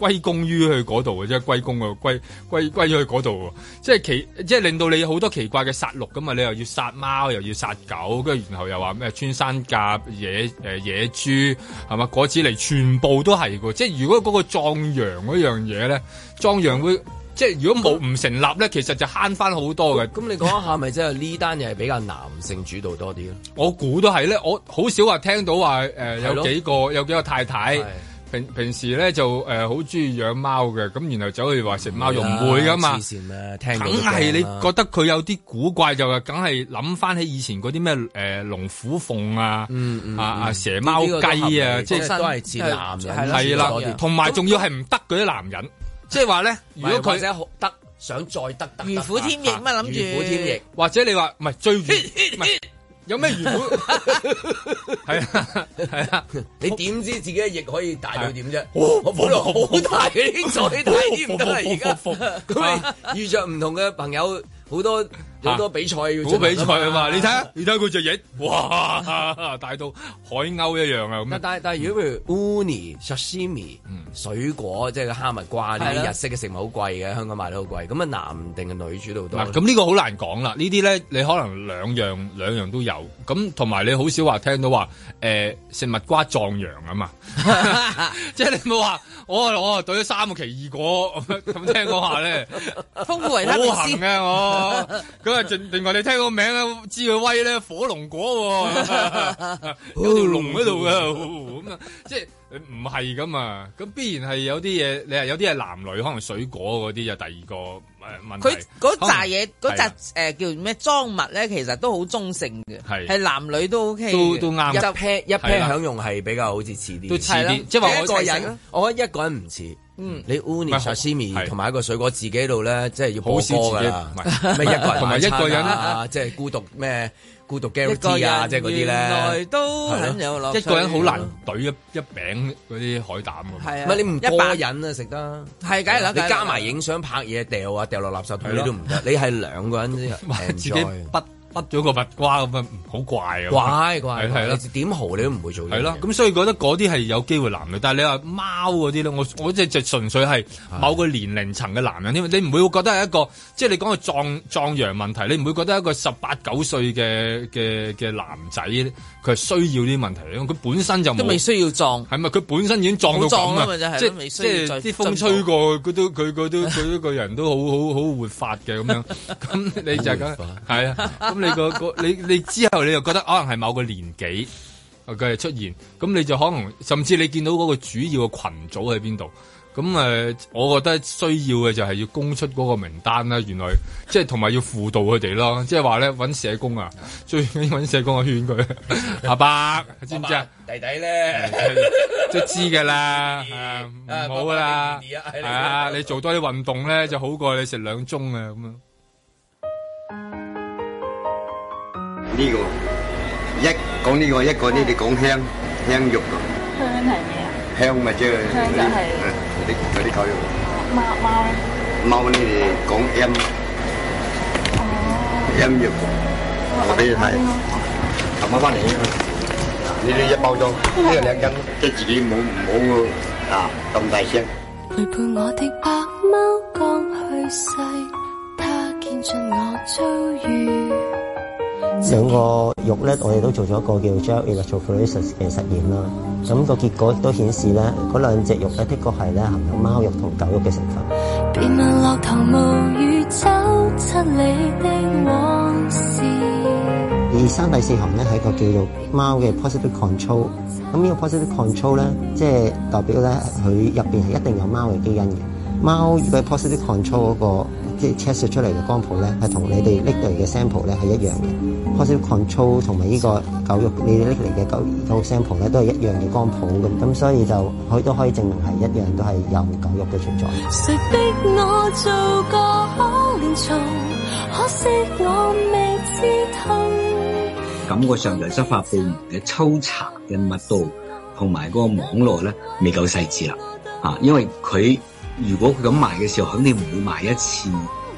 歸功於去嗰度嘅啫，歸功啊，歸歸歸於去嗰度，即係奇，即係令到你好多奇怪嘅殺戮咁啊！你又要殺貓，又要殺狗，跟住然後又話咩穿山甲、野誒野豬係嘛，果子狸，全部都係嘅。即係如果嗰個壯陽嗰樣嘢咧，壯陽會即係如果冇唔成立咧，那其實就慳翻好多嘅。咁你講一下，咪即係呢單又係比較男性主導多啲咧？我估都係咧，我好少話聽到話誒、呃，有幾個有幾個，有幾個太太，太。的的平平時咧就誒好中意養貓嘅，咁然後走去話食貓肉唔會噶嘛，痴線啦！聽梗係你覺得佢有啲古怪就係，梗係諗翻起以前嗰啲咩誒龍虎鳳啊，啊啊蛇貓雞啊，即係都係賤男人係啦，同埋仲要係唔得嗰啲男人，即係話咧，如果佢或者得想再得得，如虎添翼嘛諗住，虎添翼，或者你話唔係最魚唔有咩原本？係啊係啊，你點知自己嘅翼可以大到點啫？ 我本來好大嘅、已經，再大啲唔得啦！而家咁啊，佢遇着唔同嘅朋友，好多。好多比賽要，好比賽啊嘛！你睇下，你睇下佢隻翼，哇，大到海鷗一樣啊咁。但係但係，如果譬如 uni、sashimi，水果即係個哈密瓜呢啲日式嘅食物好貴嘅，香港賣得好貴。咁啊男定係女主流多？咁呢個好難講啦。呢啲咧，你可能兩樣兩樣都有。咁同埋你好少話聽到話，誒，食物瓜壯陽啊嘛。即係你唔好話，我我懟咗三個奇異果，咁聽講下咧，豐富維他命。另外你聽個名咧，知佢威咧，火龍果，有條龍喺度嘅，咁啊， 即係唔係咁啊？咁必然係有啲嘢，你話有啲係男女，可能水果嗰啲就第二個誒問題佢嗰扎嘢，嗰扎誒叫咩裝物咧？其實都好中性嘅，係、啊、男女都 OK 都都啱。一 pair 一 pair 享用係比較好似似啲，都似啲。了即係話我一個人，我覺得一個人唔似。嗯，你 Uni Sashimi 同埋一個水果自己度咧，即係要自己，唔係咩一個人，同埋一個人啊，即係孤獨咩孤獨 Gary 啊，即係嗰啲咧，都很有樂趣。一個人好難懟一一餅嗰啲海膽啊。唔係你唔一個人啊食得，係梗係啦。你加埋影相拍嘢掉啊，掉落垃圾筒你都唔得，你係兩個人先自己不。甩咗個蜜瓜咁樣，好怪啊。怪怪係咯，點豪你都唔會做嘢。係咯，咁所以覺得嗰啲係有機會男嘅，但係你話貓嗰啲咧，我我即係純粹係某個年齡層嘅男人，因為你唔會會覺得係一個，即係你講個壯壯陽問題，你唔會覺得一個十八九歲嘅嘅嘅男仔，佢係需要啲問題，佢本身就都未需要壯，係咪？佢本身已經壯到咁啊，即係即係啲風吹過，佢都佢都佢一個人都好好好活法嘅咁樣，咁你就咁係啊。 你個你你之後你就覺得可能係某個年紀佢係出現，咁你就可能甚至你見到嗰個主要嘅群組喺邊度，咁誒、呃，我覺得需要嘅就係要供出嗰個名單啦。原來即係同埋要輔導佢哋咯，即係話咧搵社工啊，最搵 社工我勸佢阿伯， 爸爸知唔知啊？弟弟咧，即係知噶啦，好噶啦，係啊，你做多啲運動咧 就好過你食兩盅啊咁樣。呢個一講呢個一個咧，你講香香肉。香係咩啊？香咪即係。香就係嗰啲嗰啲狗肉。貓貓。貓咧，你講醃醃肉。我都要睇，尋晚翻嚟啊嘛。呢啲一包裝，呢個兩斤，即係自己冇唔好啊咁大聲。陪伴我的白貓剛去世，他見盡我遭遇。兩個肉咧，我哋都做咗一個叫做 gel electrophoresis 嘅實驗啦。咁、那個結果都顯示咧，嗰兩隻肉咧的確係咧含有貓肉同狗肉嘅成分。而三第四行咧，係一個叫做貓嘅 positive control。咁呢個 positive control 咧，即係代表咧佢入邊係一定有貓嘅基因嘅。貓如果 positive control 嗰、那個即係測試出嚟嘅光譜咧，係同你哋拎嚟嘅 sample 咧係一樣嘅。Partial control 同埋呢個狗肉，你哋拎嚟嘅狗狗 sample 咧都係一樣嘅光譜咁，咁所以就佢都可以證明係一樣，都係有狗肉嘅存在。誰逼我做個可憐蟲，可惜我未知痛。感覺上就執法部門嘅抽查嘅密度同埋個網絡咧未夠細緻啦嚇，啊，因為佢如果佢咁賣嘅時候，肯定唔會賣一次。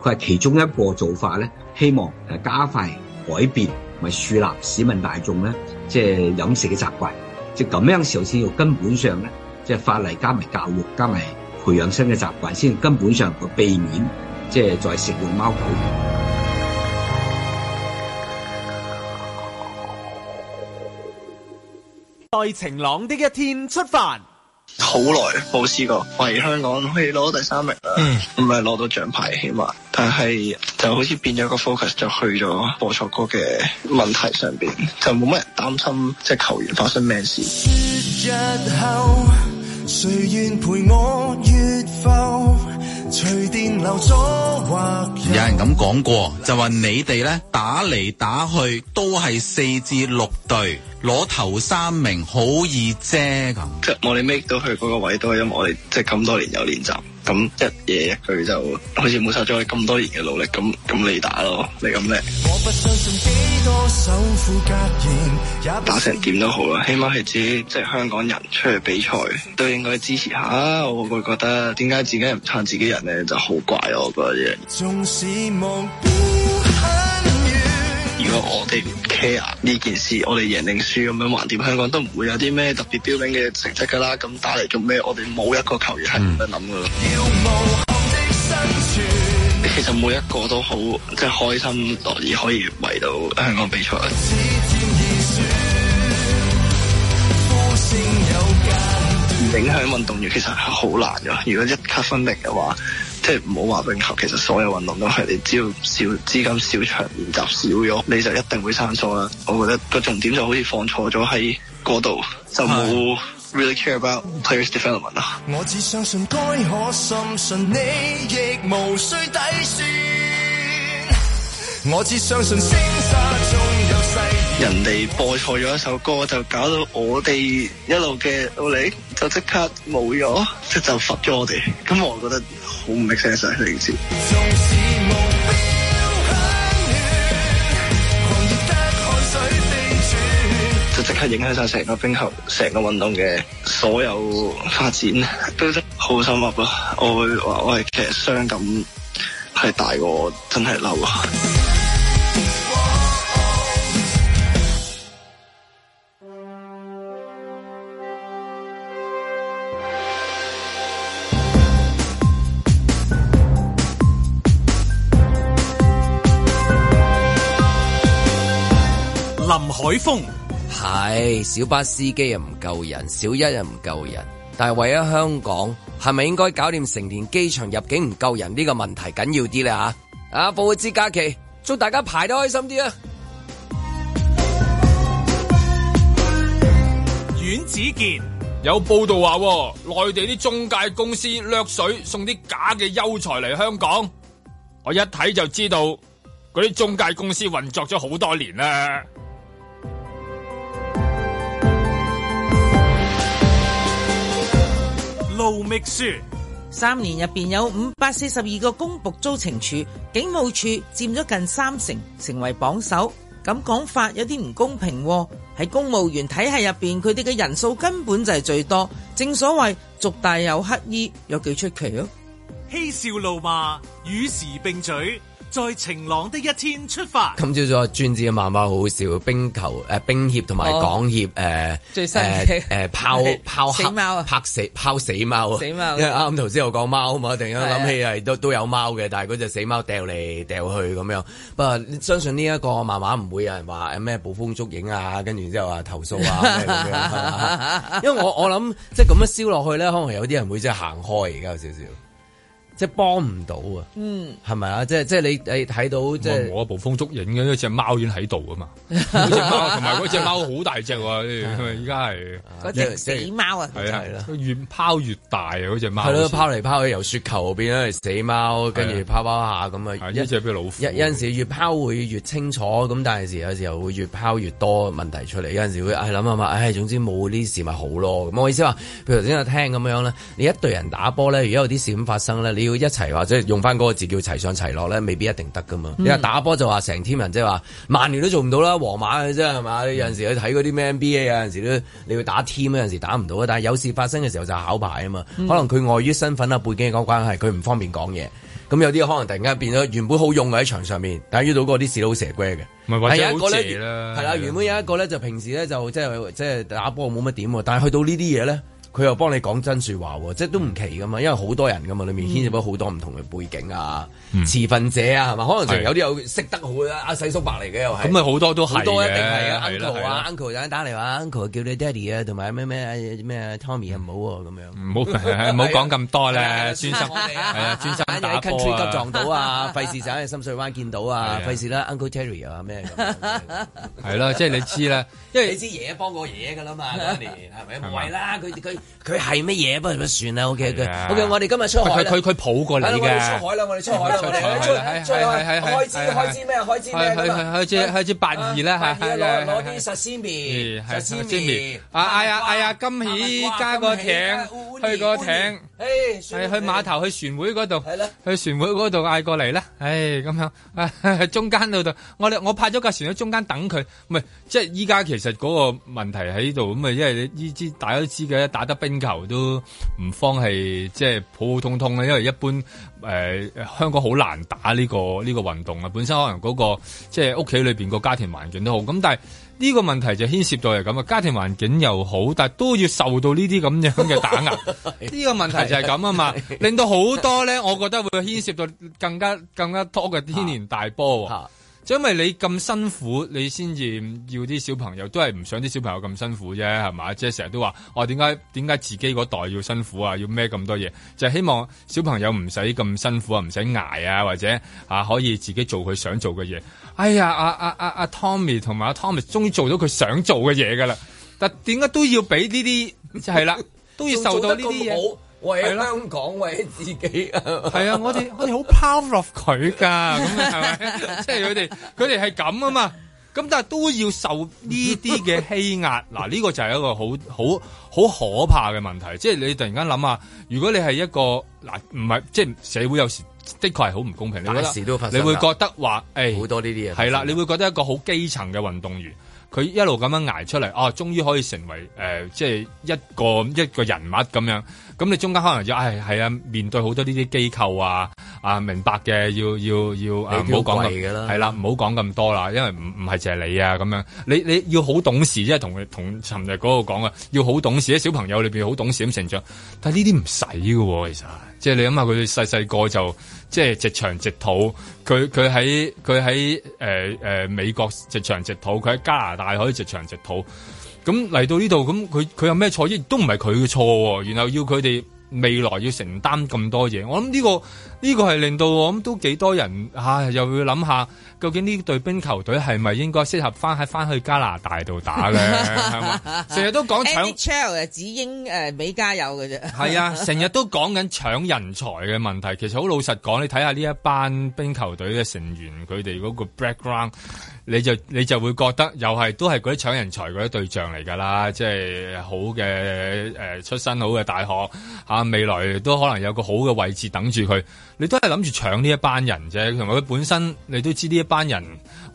佢係其中一個做法咧，希望誒加快改變同埋樹立市民大眾咧，即係飲食嘅習慣，即係咁樣時候先要根本上咧，即係法例加埋教育加埋培養新嘅習慣先，根本上個避免即係再食用貓狗。在晴朗的一天出發。好耐冇試過為香港可以攞第三名啦，嗯，唔係攞到獎牌起碼，但係就好似變咗個 focus 就去咗播錯歌嘅問題上邊，就冇乜人擔心即係、就是、球員發生咩事。有人咁講過，就話你哋咧打嚟打去都係四至六隊，攞頭三名好易啫。咁我哋 make 到去嗰個位都係，因為我哋即係咁多年有練習。咁一嘢佢就，好似抹殺咗我咁多年嘅努力，咁咁你打咯，你咁叻。我不相信幾多首富信，打成點都好啦，起碼係自己，即係香港人出去比賽，都應該支持下。我會覺得點解自己又唔撐自己人咧？就好怪、啊、我覺得如果我哋唔 care 呢件事，我哋贏定輸咁樣，橫掂香港都唔會有啲咩特別彪炳嘅成績㗎啦。咁打嚟做咩？我哋冇一個球員係咁樣諗㗎喇。嗯、其實每一個都好，即係開心樂意，可以為到香港比賽。而有影響運動員其實係好難㗎。如果一刻分力嘅話。即係唔好話乒乓球，其實所有運動都係你只要少資金少場練習少咗，你就一定會生疏啦。我覺得個重點就好似放錯咗喺嗰度，就冇 really care about players development 啦。人哋播錯咗一首歌，就搞到我哋一路嘅努力，就即刻冇咗，即就罰咗我哋。咁我覺得好唔 make sense 嚟嘅事目標。得水就即刻影響晒成個冰球、成個運動嘅所有發展，都好深刻啊。我會話我係其實傷感係大過真係嬲啊。海風係小巴司機又唔夠人，小一又唔夠人，但係為咗香港，係咪應該搞掂成年機場入境唔夠人呢？呢個問題緊要啲咧？吓，啊，復活節假期祝大家排得開心啲啊！阮子健有報道話內地啲中介公司掠水送啲假嘅優才嚟香港，我一睇，就知道嗰啲中介公司運作咗好多年啦。路秘書三年入面有五百四十二個公僕租情處，警務處佔咗近三成，成為榜首。咁講法有啲唔公平喎。喺公務員體系入面，佢哋嘅人數根本就係最多。正所謂俗大有乞兒，有幾出奇咯。嬉笑怒罵，與時並進。在晴朗的一天出發。今朝早尊子嘅漫畫好好笑，冰球誒、呃，冰協同埋港協誒誒誒拋拋黑拍死拋死貓，死貓，因為啱頭先我講貓嘛，突然間諗起係的都都有貓嘅，但係嗰隻死貓掉嚟掉去咁樣。不過相信呢一個漫畫唔會有人話咩捕風捉影啊，跟住之後話投訴啊。 因為我我諗即係咁樣燒落去咧，可能有啲人會即係行開而家有少少。即係幫唔到啊！嗯，係咪啊？即係即係你你睇到即係我捕風捉影嘅呢隻貓已經喺度啊嘛！隻貓同埋嗰隻貓好大隻喎，依家係嗰隻死貓啊！係啊，越拋越大啊！嗰隻貓係咯，拋嚟拋去，由雪球變咗嚟死貓，跟住拋拋下咁啊！一隻老虎。有陣時越拋會越清楚，咁但係時有時候會越拋越多問題出嚟。有陣時會係諗下嘛，唉，總之冇呢啲事咪好咯。咁我意思話，譬如頭先我聽咁樣咧，你一隊人打波咧，如果有啲事咁發生咧，要一齊或者用翻嗰個字叫齊上齊落咧，未必一定得㗎嘛。你話、嗯、打波就話成 team 人，即係話曼聯都做唔到啦，皇馬嘅啫係嘛。有陣時去睇嗰啲咩 NBA，有陣時都你會打 team，有陣時打唔到啊。但係有事發生嘅時候就考牌啊嘛。嗯、可能佢礙於身份啊、背景嗰個關係，佢唔方便講嘢。咁有啲可能突然間變咗，原本好用嘅喺場上面，但係遇到嗰啲事都好蛇嘅。係啊，啦、嗯原，原本有一個咧就平時咧就即係即係打波冇乜點喎，但係去到呢啲嘢咧。佢又幫你講真説話喎，即係都唔奇噶嘛，因為好多人噶嘛，裡面牽涉到好多唔同嘅背景啊、持份者啊，係嘛？可能仲有啲有識得好啊，阿細叔伯嚟嘅又係。咁咪好多都係好多一定係啊，Uncle 啊，Uncle 陣間打嚟話，Uncle 叫你 Daddy 啊，同埋咩咩咩 Tommy 好母咁樣。唔好唔好講咁多啦，專心係啊，專心打波啊。近最近撞到啊，費事就喺深水灣見到啊，費事啦，Uncle Terry 啊，咩？係咯，即係你知啦，因為你知爺爺幫過爺爺噶啦嘛，嗰年係咪？唔係啦，佢係乜嘢？不如算啦。OK，OK，我哋今日出海啦。佢佢佢抱過嚟嘅。出海啦，我哋出海啦。出出開開開支開始咩啊？開支咩啊？開開開支開支八二啦吓。攞攞啲石絲面，石絲面。哎呀哎呀，金喜加個艇，去個艇。去碼頭去船會嗰度。去船會嗰度嗌過嚟啦。誒，咁樣喺中間度度，我我派咗架船喺中間等佢。唔係，即係依家其實嗰個問題喺度咁啊，因為你呢支大家都知嘅得冰球都唔方係即係普普通通咧，因為一般誒、呃、香港好難打呢個呢個運動啊。本身可能嗰個即係屋企裏邊個家庭環境都好，咁但係呢個問題就牽涉到係咁啊，家庭環境又好，但係都要受到呢啲咁樣嘅打壓。呢 個問題就係咁啊嘛， 是的 令到好多咧，我覺得會牽涉到更加更加多嘅天然大波。 因為你咁辛苦，你先至要啲小朋友都係唔想啲小朋友咁辛苦啫，係嘛？即係成日都話，我點解點解自己嗰代要辛苦啊？要孭咁多嘢？就係希望小朋友唔使咁辛苦啊，唔使捱啊，或者啊可以自己做佢想做嘅嘢。哎呀，阿阿阿阿 Tommy 同埋阿 Tommy 終於做到佢想做嘅嘢噶啦。但點解都要俾呢啲就係啦，都要受到呢啲嘢。為香港， 為自己啊！係 啊，我哋我哋好 powerful 佢噶，咁係咪？ 即係佢哋佢哋係咁啊嘛。咁但係都要受呢啲嘅欺壓。嗱，呢個就係一個好好好可怕嘅問題。即係你突然間諗下，如果你係一個嗱，唔係即係社會有時的確係好唔公平。時都你會覺得話，誒，好多呢啲嘢係啦。你會覺得一個好基層嘅運動員。佢一路咁樣捱出嚟，哦、啊，終於可以成為誒、呃，即係一個一個人物咁樣。咁你中間可能就，唉、哎，係啊，面對好多呢啲機構啊，啊，明白嘅，要要要，唔好講咁，係啦，唔好講咁多啦，因為唔唔係淨係你啊咁樣。你你要好懂事，即係同同尋日嗰個講啊，要好懂事，喺小朋友裏邊好懂事咁成長。但係呢啲唔使嘅喎，其實。即係你諗下佢哋細細個就即係直腸直肚。佢佢喺佢喺誒誒美國直腸直肚，佢喺加拿大可以直腸直肚。咁嚟到呢度咁佢佢有咩錯啫？都唔係佢嘅錯，然後要佢哋未來要承擔咁多嘢，我諗呢個。呢個係令到我諗都幾多人嚇、啊，又要諗下究竟呢隊冰球隊係咪應該適合翻喺翻去加拿大度打咧？成日 都講搶，NHL 只應誒、呃、美加有嘅啫。係 啊，成日都講緊搶人才嘅問題。其實好老實講，你睇下呢一班冰球隊嘅成員，佢哋嗰個 background，你就你就會覺得又係都係嗰啲搶人才嗰啲對象嚟㗎啦。即係好嘅誒、呃、出身好嘅大學嚇、啊，未來都可能有個好嘅位置等住佢。你都係諗住搶呢一班人啫，同埋佢本身你都知呢一班人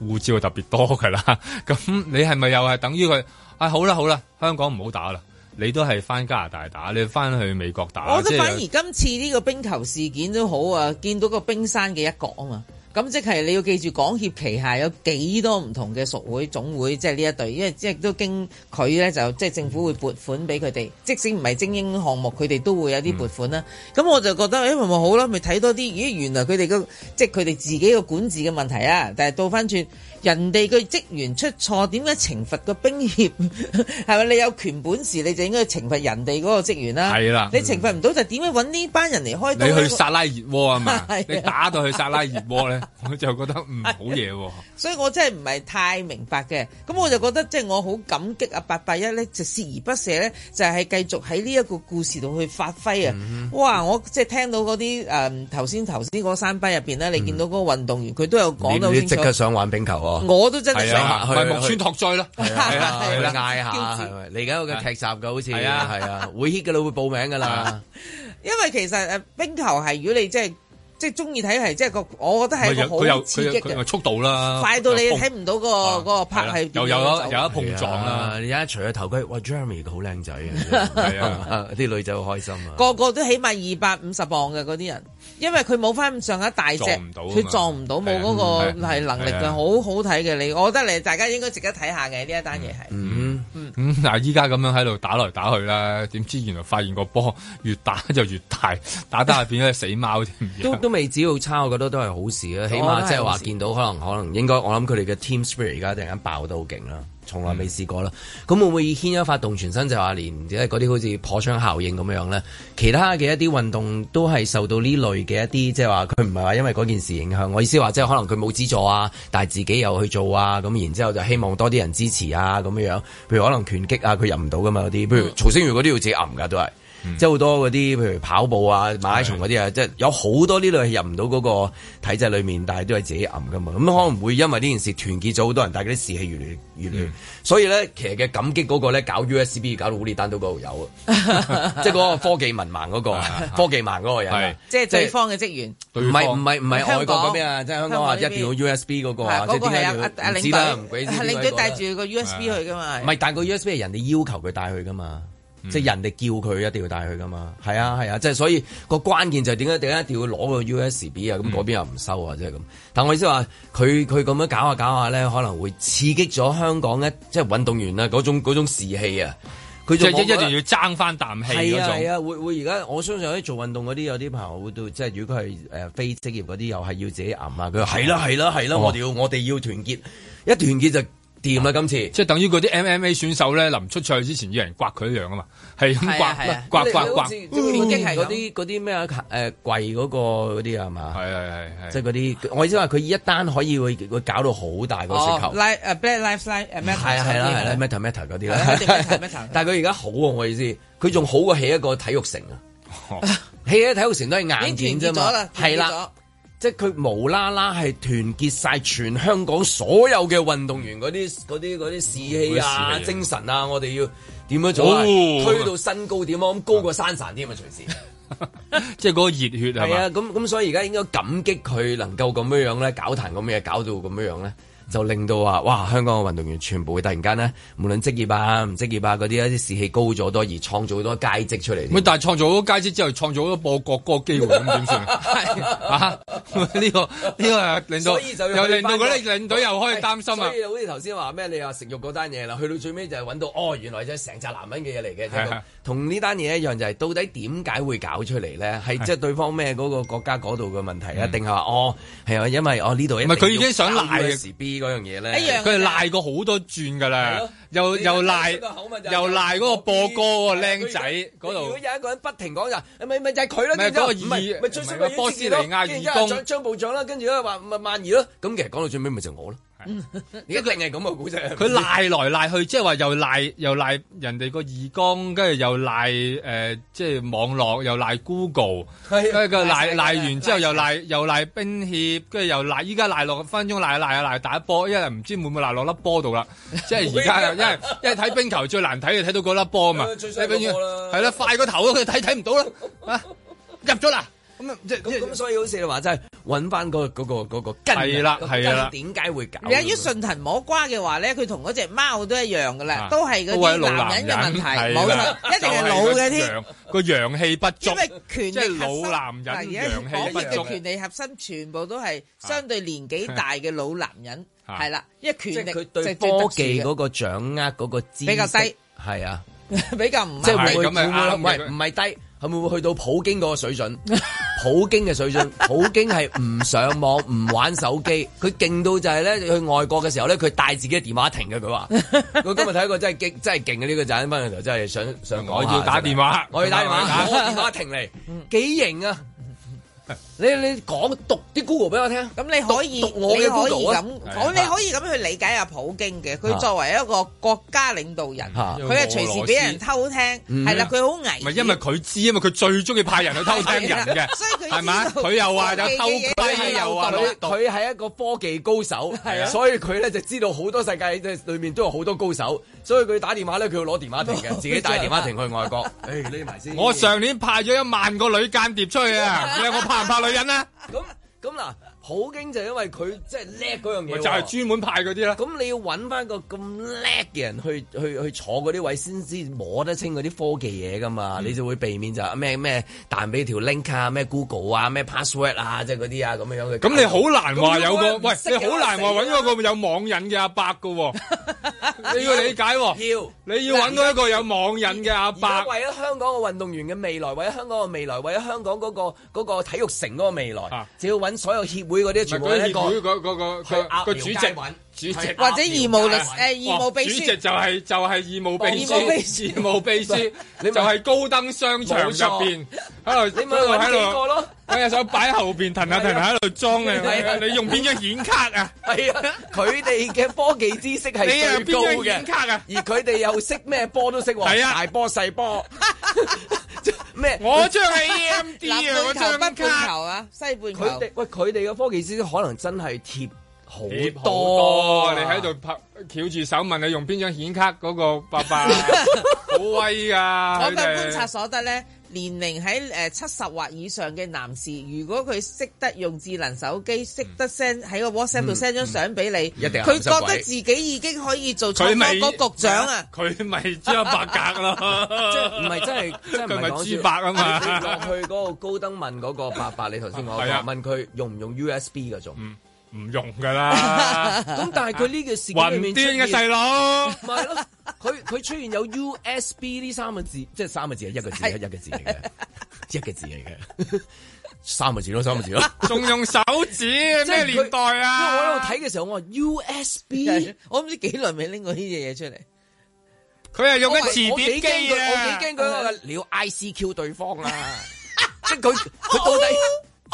護照特別多㗎啦，咁、嗯、你係咪又係等於佢？啊、哎、好啦好啦，香港唔好打啦，你都係返加拿大打，你返去美國打。我覺得反而今次呢個冰球事件都好啊，見到個冰山嘅一角啊嘛。咁即係你要記住，港協旗下有幾多唔同嘅屬會總會，即係呢一隊，因為即係都經佢呢，就即係政府會撥款俾佢哋，即使唔係精英項目，佢哋都會有啲撥款啦。咁、嗯、我就覺得，誒、哎、咪好啦，咪睇多啲。咦，原來佢哋個即係佢哋自己嘅管治嘅問題啊，但係倒翻轉。人哋個職員出錯，點解懲罰個兵協？係 咪你有權本事，你就應該懲罰人哋嗰個職員啦、啊？係啦的，你懲罰唔到、嗯、就點樣揾呢班人嚟開？你去薩拉熱窩啊嘛？的你打到去薩拉熱窩咧，的我就覺得唔好嘢喎、啊。所以我真係唔係太明白嘅。咁我就覺得即係、就是、我好感激阿八八一咧，就矢而不捨咧，就係繼續喺呢一個故事度去發揮啊！嗯、哇！我即係聽到嗰啲誒頭先頭先嗰個山壁入邊咧，你見到嗰個運動員佢都有講到。好即、嗯、刻想玩冰球啊！我都真係想行去，木村拓哉咯，嗌下，嚟緊有個劇集噶，好似係啊係啊，會 hit 噶啦，會報名噶啦。因為其實誒冰球係，如果你即係即係中意睇係，即係個我覺得係個有刺激速度啦，快到你睇唔到個個拍係又有咗又有碰撞啦。你而家除咗頭盔，哇，Jeremy 好靚仔啊，啲女仔好開心啊，個個都起碼二百五十磅嘅嗰啲人。因為佢冇翻上一大隻，佢撞唔到冇嗰的個能力嘅。好好睇嘅你，的我覺得你大家應該值得睇下嘅呢一單嘢係。嗯，咁嗱，依家咁樣喺度打來打去啦，點知原來發現個波越打就越大，打打下變咗死貓添。 都都未至於差，我覺得都係好事啦， 起碼即係話見到可能可能應該，我諗佢哋嘅 team spirit 而家突然間爆得好勁啦。從來未試過啦，咁、嗯嗯、會唔會牽一發動全身就話連即係嗰啲好似破窗效應咁樣咧？其他嘅一啲運動都係受到呢類嘅一啲即係話佢唔係話因為嗰件事影響。我意思話即係可能佢冇資助啊，但係自己又去做啊，咁然之後就希望多啲人支持啊咁樣。譬如可能拳擊啊，佢入唔到㗎嘛嗰啲。譬如曹星如嗰啲要自己揞㗎都係。即係好多嗰啲，譬如跑步啊、馬拉松嗰啲啊，即係有好多呢類係入唔到嗰個體制裏面，但係都係自己暗噶嘛。咁可能會因為呢件事團結咗好多人，但係啲士氣越嚟越亂。所以咧，其實嘅感激嗰個咧，搞 USB 搞到好利丹都嗰度有，即係嗰個科技文盲嗰個，科技盲嗰個人，即係對方嘅職員。唔係唔係唔係外國嗰邊啊？即係香港話一定要 USB 嗰個啊，即係聽講。係啊，領隊帶住個 USB 去噶嘛？唔係帶個 USB 係人哋要求佢帶去噶嘛？即係人哋叫佢一定要帶去噶嘛，係啊，係啊，即係、啊、所以個關鍵就係點解第一一定要攞個 USB 啊，咁嗰邊又唔收啊，即係咁。但我意思話，佢佢咁樣搞下搞下咧，可能會刺激咗香港咧，即係運動員啊嗰種嗰種士氣啊，佢就一定要爭翻啖氣啊。係啊，會會而家我相信做運動嗰啲有啲朋友會到，即係如果佢係誒非職業嗰啲，又係要自己揞啊。佢話係啦係啦係啦，我哋要我哋要團結，一團結就。掂啦今次。啊、即係等於嗰啲 MMA 選手咧，臨出賽之前要人刮佢一樣啊嘛，係咁刮刮刮刮。面積係嗰啲啲咩啊？誒，貴嗰、呃那個嗰啲啊嘛，係係係即係嗰啲。我意思話佢一單可以會搞到好大個雪球，Black Lives Matter 係啊，係係，但係佢而家好啊，我意思，佢仲好過起一個體育城啊， 起喺體育城都係硬件啫嘛，係啦。即係佢無啦啦係團結晒全香港所有嘅運動員嗰啲啲啲士氣啊，士氣啊、精神啊，我哋要點樣做，啊哦、推到新高點，我諗高過山神添咁啊！隨時 即，即係嗰個熱血係嘛？咁咁，所以而家應該感激佢能夠咁樣樣咧，搞壇咁嘢，搞到咁樣樣咧。就令到啊，哇！香港嘅運動員全部會突然間呢，無論職業啊、唔職業啊嗰啲，一啲士氣高咗多，而創造好多佳績出嚟。但係創造好多佳績之後，創造好多播國歌機會咁點算啊？係啊，呢個呢個令到又令到啲領隊又可以擔心啊。好似頭先話咩？你話食肉嗰單嘢啦，去到最尾就係揾到哦，原來就係成紮男人嘅嘢嚟嘅。同呢單嘢一樣，就係到底點解會搞出嚟呢？係即係對方咩嗰個國家嗰度嘅問題咧？定係話哦係啊？因為哦呢度佢已經想賴呢樣嘢咧，佢哋賴過好多轉噶啦，又又賴，又賴嗰個播歌嗰個僆仔嗰度。如果有一個人不停講就咪咪就係佢咯，咪咪，咪咪，最衰個波斯尼亞愚公，張張部長啦，跟住咧話咪萬兒咯，咁其實講到最尾咪就我咯。而家令人咁嘅古仔，佢賴來賴去，即係話又賴又賴人哋個義工，跟住又賴誒，即係網絡又賴 Google，跟住佢賴賴完之後又賴又賴冰協，跟住又賴，依家賴落個分鐘賴啊賴啊賴打波，因為唔知會唔會賴落粒波度啦。即係而家，因為因為睇冰球最難睇就睇到嗰粒波啊嘛。最衰冰波啦，係啦，快個頭啊，佢睇睇唔到啦，啊，入咗啦。咁啊，即係咁咁，所以好似你話真係。揾翻嗰嗰個嗰個根，根點解會搞？由於順藤摸瓜嘅話咧，佢同嗰隻貓都一樣噶啦，都係嗰啲男人嘅問題，冇錯，一定係老嘅添。個陽氣不足，因為權即係老男人陽氣不足嘅權力核心，全部都係相對年紀大嘅老男人，係啦，因為權力即係科技嗰個掌握嗰個資比較低，係啊，比較唔即係唔係咁啊？唔係唔係低。會唔會去到普京嗰個水準？普京嘅水準，普京係唔上網唔玩手機，佢勁到就係咧去外國嘅時候咧，佢帶自己嘅電話亭嘅，佢話我今日睇過真係勁真係勁嘅呢個仔，翻去就真係想上我要打電話，的我要打電話，打電話亭嚟，幾型啊！你你講讀啲 Google 俾我聽，咁你可以，你可以咁，我你可以咁去理解下普京嘅。佢作為一個國家領導人，佢係隨時俾人偷聽，係啦，佢好危。唔係因為佢知啊嘛，佢最中意派人去偷聽人嘅，係嘛？佢又話有偷又話佢，佢係一個科技高手，係啊，所以佢咧就知道好多世界即裏面都有好多高手，所以佢打電話咧，佢要攞電話亭嘅，自己帶電話亭去外國。誒，匿埋先。我上年派咗一萬個女間諜出去啊！怕唔怕女人啊？咁咁嗱。 好驚就係因為佢即係叻嗰樣嘢，就係專門派嗰啲啦。咁你要揾翻個咁叻嘅人去去去坐嗰啲位，先至摸得清嗰啲科技嘢噶嘛？嗯、你就會避免就咩、是、咩彈俾條 link 啊，咩 Google 啊，咩 password 啊，即係嗰啲啊咁樣樣嘅。咁你好難話有個，喂你好難話揾嗰個有網癮嘅阿伯噶，你，伯 你要理解喎、啊。 要你要揾到一個有網癮嘅阿伯。為咗香港嘅運動員嘅未來，為咗香港嘅未來，為咗香港嗰、嗰個嗰、嗰個體育城嗰個未來，啊、就要揾所有協會。會嗰啲，全部唔係嗰個議會嗰、嗰個個個主席，主席或者義務律誒、義務秘書，主席就係就係義務秘書，義務秘書，你咪就係高登商場入邊喺度喺度喺度，我有想擺後邊騰下騰下喺度裝嘅，你用邊張顯卡啊？係啊，佢哋嘅科技知識係最高嘅，而佢哋又識咩波都識喎，大波細波。我張係 A M D 啊！ 半球 我張乜卡？西半球佢哋喂，佢哋嘅科技師可能真係貼好多、啊、多，你喺度拍翹住手問你用邊張顯卡嗰個伯伯，好 威㗎、啊！我嘅觀察所得咧。年齡喺誒七十或以上嘅男士，如果佢識得用智能手機，識得 send 喺個 WhatsApp 度 send 張相俾你，佢、嗯嗯、覺得自己已經可以做創科局局長啊！佢咪 只有白格咯？ 即係唔係真係？她 即係唔係豬白啊嘛？佢 嗰個高登問嗰個白白，你頭先我問佢用唔用 USB 嗰種？嗯唔用噶啦，咁但係佢呢個事件裏面出現，雲端嘅細佬，咪咯，佢佢出現有 U S B 呢三個字，即係三個字，一個字，一一個字嚟嘅，一個字嚟嘅，三個字咯，三個字咯，仲用手指咩年代啊？因為我喺度睇嘅時候，我話 U S B，我唔知幾耐未拎過呢隻嘢出嚟，佢係用個磁碟機啊，我幾驚佢撩 I C Q 對方啊，即係佢佢到底？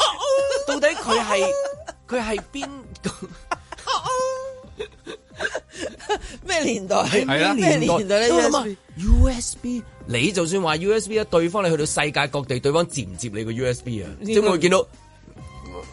Uh oh. 到底佢係佢係邊個？ 咩 年代？係咩、啊、年代咧？U S B，你就算話 U S B 啦，對方你去到世界各地，對方接唔接你個 U S B 啊？點會見到。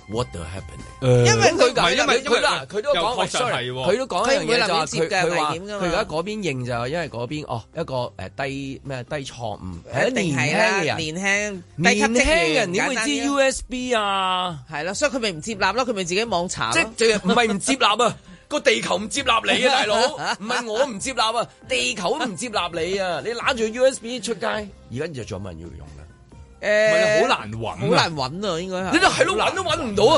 what happened？因為佢唔係，因為因為啦，佢都講，確實係佢都講一樣嘢就係佢話佢而家嗰邊認就係因為嗰邊哦一個誒低咩低錯誤，係年輕嘅人年輕低級職嘅人，點會知 USB 啊，係咯，所以佢咪唔接納咯，佢咪自己網查咯，即係唔係唔接納啊？個地球唔接納你啊大佬，唔係我唔接納啊，地球都唔接納你啊！你攬住 USB 出街，而家就仲有冇人要用？誒，唔係、欸、啊，好難揾，好難揾啊，應該係，你都係咯，揾都揾唔到啊！啊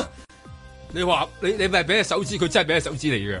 你話你你咪俾隻手指，佢真係俾隻手指你嘅。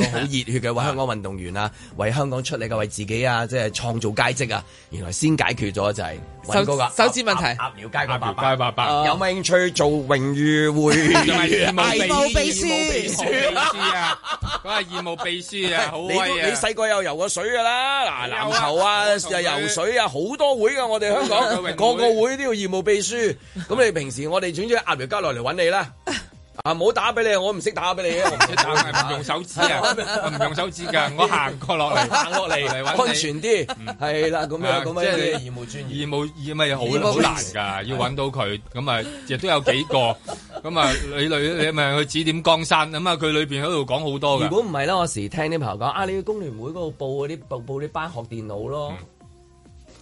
好熱血嘅為香港運動員啊，為香港出力嘅為自己啊，即係創造佳績啊！原來先解決咗就係揾哥噶。首先問題鴨苗街個爸爸有冇興趣做榮譽會員？義務秘書，義務秘書啊！佢係義務秘書啊！好威啊！你細個又游過水噶啦，嗱籃球啊又游水啊，好多會噶！我哋香港個個會都要義務秘書。咁你平時我哋轉咗鴨苗街來嚟揾你啦。啊！唔好打俾你，我唔識打俾你啊！唔用手指啊，唔用手指噶，我行過落嚟，行落嚟，安全啲係啦。咁啊，即係義務專業，義務義乜嘢好難噶，要揾到佢咁啊，亦都有幾個咁啊。你你你咪去指點江山咁啊，佢裏邊喺度講好多。如果唔係咧，我時聽啲朋友講啊，你去工聯會嗰度報嗰啲報報啲班學電腦咯。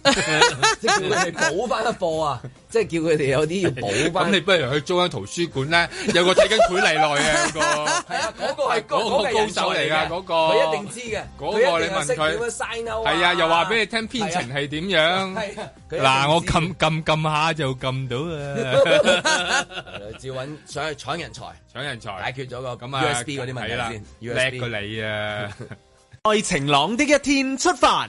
即係叫佢哋補翻一課啊！即係叫佢哋有啲要補翻。咁你不如去租間圖書館咧，有個睇緊《推理類》嘅嗰個。係啊，嗰個係嗰個高手嚟噶，嗰個。佢一定知嘅。嗰個你問佢。係啊，又話俾你聽編程係點樣。係。嗱，我撳撳撳下就撳到啊。照揾，想去搶人才，搶人才，解決咗個咁啊 USB 嗰啲問題先。叻過你啊！在晴朗的一天出發。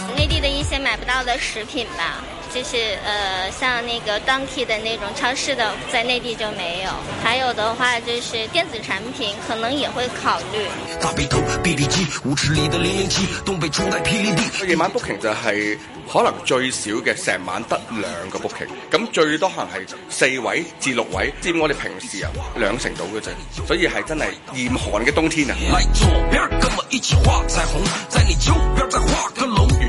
內地的一些買不到的食品吧，就是，呃，像那個 Donkey 的那種超市的，在內地就沒有。還有的話就是電子產品，可能也會考慮。夜晚 booking 就是可能最少嘅成晚得兩個 booking，咁最多可能係四位至六位，佔我哋平時啊兩成度嘅啫，所以係真係嚴寒嘅冬天啊。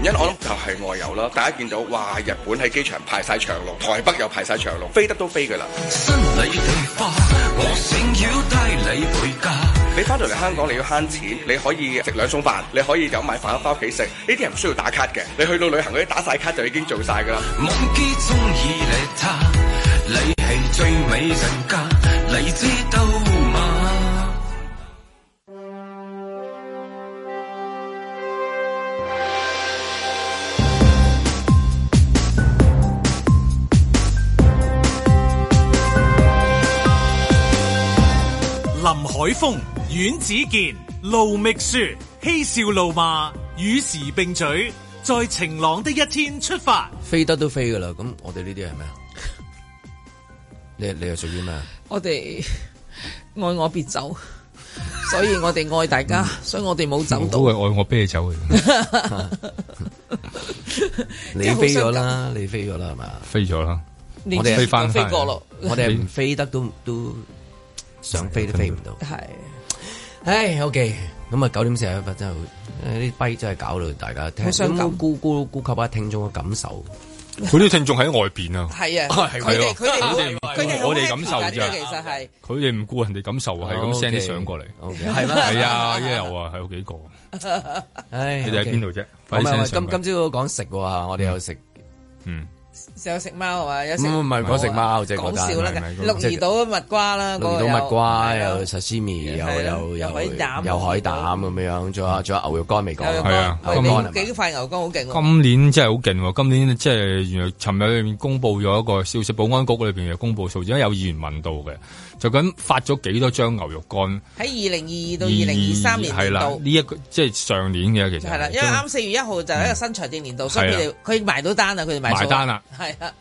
因我諗就係外遊啦，大家見到哇，日本喺機場排晒長龍，台北又排晒長龍，飛得都飛㗎啦。地我想要帶你回家。你翻到嚟香港，你要慳錢，你可以食兩餸飯，你可以有買飯盒翻屋企食。呢啲人唔需要打卡嘅，你去到旅行嗰啲打晒卡就已經做晒㗎啦。忘記，你係最美人家，你知道。 海峰、阮子健、盧覓雪、嬉笑怒罵，與時並嘴、在晴朗的一天出發，飛得都飛噶啦。咁我哋呢啲係咩啊？你你又屬於咩？我哋愛我別走，所以我哋愛大家，嗯、所以我哋冇走。都係愛我別走 你飛咗了啦， 你飛咗啦係嘛？飛咗啦，我哋飛翻飛過咯，我哋飛得都都。 想飛都飛唔到，係，唉，OK，咁啊九點四十一分真係，啲弊真係搞到大家聽都估估估及下聽眾嘅感受，佢啲聽眾喺外邊啊，係啊，係咯，佢哋佢哋佢哋我哋感受就其實係，佢哋唔顧人哋感受啊，係咁 send 啲相過嚟，係嘛？係啊，依家啊，係有幾個，唉，你哋喺邊度啫？唔係話今今朝講食嚇，我哋有食，嗯。有食貓啊，嘛？有食唔唔係講食貓，就係講笑啦。鹿兒島蜜瓜啦，鹿兒島蜜瓜又壽司味，又又又又海膽咁樣，仲有仲有牛肉乾未講。係啊，今年幾塊牛肉乾好勁。今年真係好勁喎！今年即係原來尋日裏面公佈咗一個消息，保安局裏邊又公佈數字，有議員問到嘅，就咁發咗幾多張牛肉乾？喺二零二二到二零二三年年度呢一個即係上年嘅，其實係啦，因為啱四月一號就係一個新財政年度，所以佢哋佢埋到單啦，佢哋埋單啦，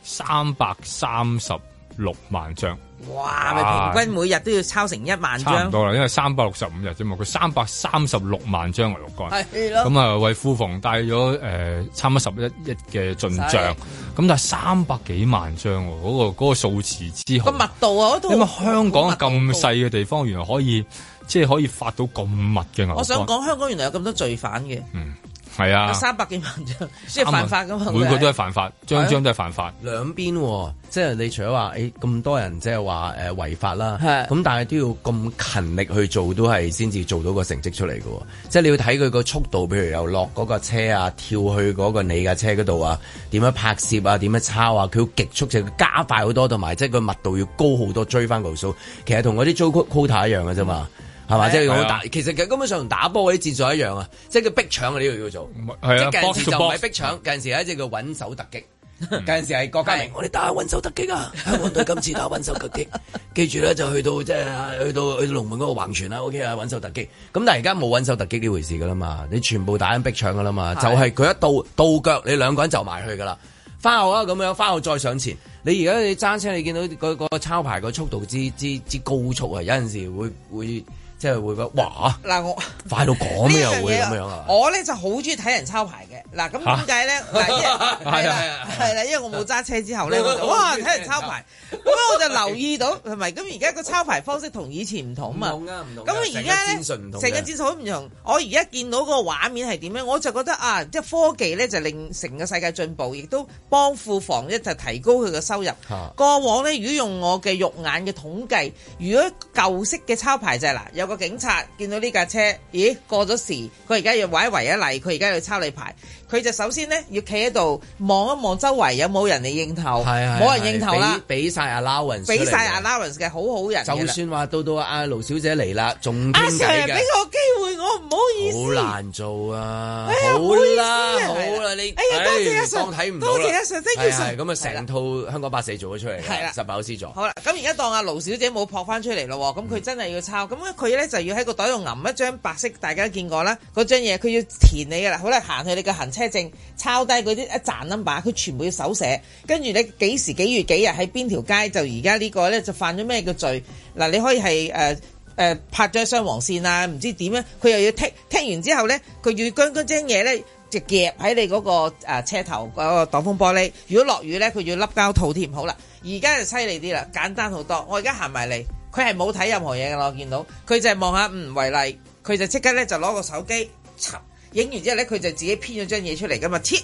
三百三十六萬張，哇！哇平均每日都要抄成一萬張，到啦，因為三百六十五日啫嘛，佢三百三十六萬張牛、啊、肉乾，係咯的，咁啊、嗯、為庫房帶咗誒、呃、差唔多十一億嘅進賬，咁就的三百幾萬張、啊，嗰、那個嗰、那個數字之，個密度啊，嗰度，因為香港咁細嘅地方，原來可以即係、就是、可以發到咁密嘅牛，我想講香港原來有咁多罪犯嘅，嗯。係啊，三百幾萬張，即係犯法咁對是每個都係犯法，張張都係犯法。兩邊、啊哦、即係你除咗話誒，咁、欸、多人即係話誒違法啦，咁、啊、但係都要咁勤力去做，都係先至做到個成績出嚟嘅、哦。即係你要睇佢個速度，譬如又落嗰個車啊，跳去嗰個你架車嗰度啊，點樣拍攝啊，點樣抄啊，佢要極速就加快好多，同埋即係個密度要高好多，追翻個數。其實同嗰啲租 quota 一樣嘅啫嘛。嗯嗯係嘛？啊、即係好打，啊、其實佢根本上同打波嗰啲戰術一樣啊！即係佢逼搶啊，呢度叫做，即係近時就唔係逼搶，近時係即係佢穩手突擊，嗯、近時係郭嘉明、哎，我哋打穩手突擊啊！香港隊今次打穩手突擊， 記住咧就去到即係、就是、去到去龍門嗰個橫傳啦！OK 啊，穩手突擊。咁但係而家冇穩手突擊呢回事噶啦嘛，你全部打緊逼搶噶啦嘛，啊、就係佢一到倒腳，你兩個人就埋去噶啦。翻後啊咁樣，翻後再上前。你而家你揸車，你見到嗰嗰個抄牌個速度之之之高速啊！有陣時會會。會即係會個哇！嗱，我快到講咩又會咁樣啊！我咧就好中意睇人抄牌嘅嗱。咁點解咧？係啊，係啦，因為我冇揸車之後咧，哇睇人抄牌咁，我就留意到係咪？咁而家個抄牌方式同以前唔同啊！唔同，咁而家咧成個資訊唔同，成個資訊好唔同。我而家見到嗰個畫面係點樣，我就覺得啊，即係科技咧就令成個世界進步，亦都幫庫房咧就提高佢嘅收入。過往咧，如果用我嘅肉眼嘅統計，如果舊式嘅抄牌就係嗱有。個警察見到呢架車，咦？過咗時，佢而家要擺一圍一例，佢而家要抄你牌。佢就首先咧要企喺度望一望周圍有冇人嚟應頭，冇人應頭啦，俾晒阿 Lawrence，俾曬阿 Lawrence 嘅好好人。就算話到到阿盧小姐嚟啦，仲傾阿 Sir 俾個機會我唔好意思，好難做啊！好啦，好啦，你，多謝阿 Sir，多謝阿 Sir，真係咁啊！成套香港百事做咗出嚟，十八老師做。好啦，咁而家當阿盧小姐冇撲翻出嚟咯，咁佢真係要抄，咁佢咧就要喺個袋度揞一張白色，大家見過啦，嗰張嘢佢要填你噶啦，好啦，行去你嘅行車車證抄低嗰啲一賺 number，佢全部要手寫，跟住你幾時幾月幾日喺邊條街就而家呢個呢，就犯咗咩嘅罪嗱？你可以係誒誒拍咗雙黃線啊，唔知點樣佢又要剔，剔完之後呢，佢要將嗰啲嘢呢，就夾喺你嗰個誒、啊、車頭嗰個擋風玻璃，如果落雨呢，佢要笠膠套添，好啦，而家就犀利啲啦，簡單好多。我而家行埋嚟，佢係冇睇任何嘢嘅，我見到佢就係望下，嗯為例，佢就即刻呢，就攞個手機。影完之後咧，佢就自己編咗張嘢出嚟噶嘛，貼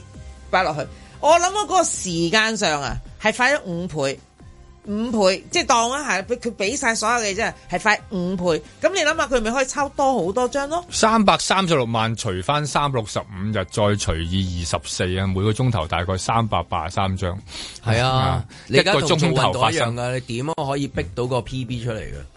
擺落去。我諗我嗰個時間上啊，係快咗五倍，五倍即係當啊係佢佢俾晒所有嘅嘢啫，係快五倍。咁你諗下，佢咪可以抽多好多張咯？三百三十六萬除翻三六十五日，再除以二,二十四啊，每個鐘頭大概三百八十三張。係啊， 你一個鐘頭發生噶，你點可以逼到個 PB 出嚟噶？嗯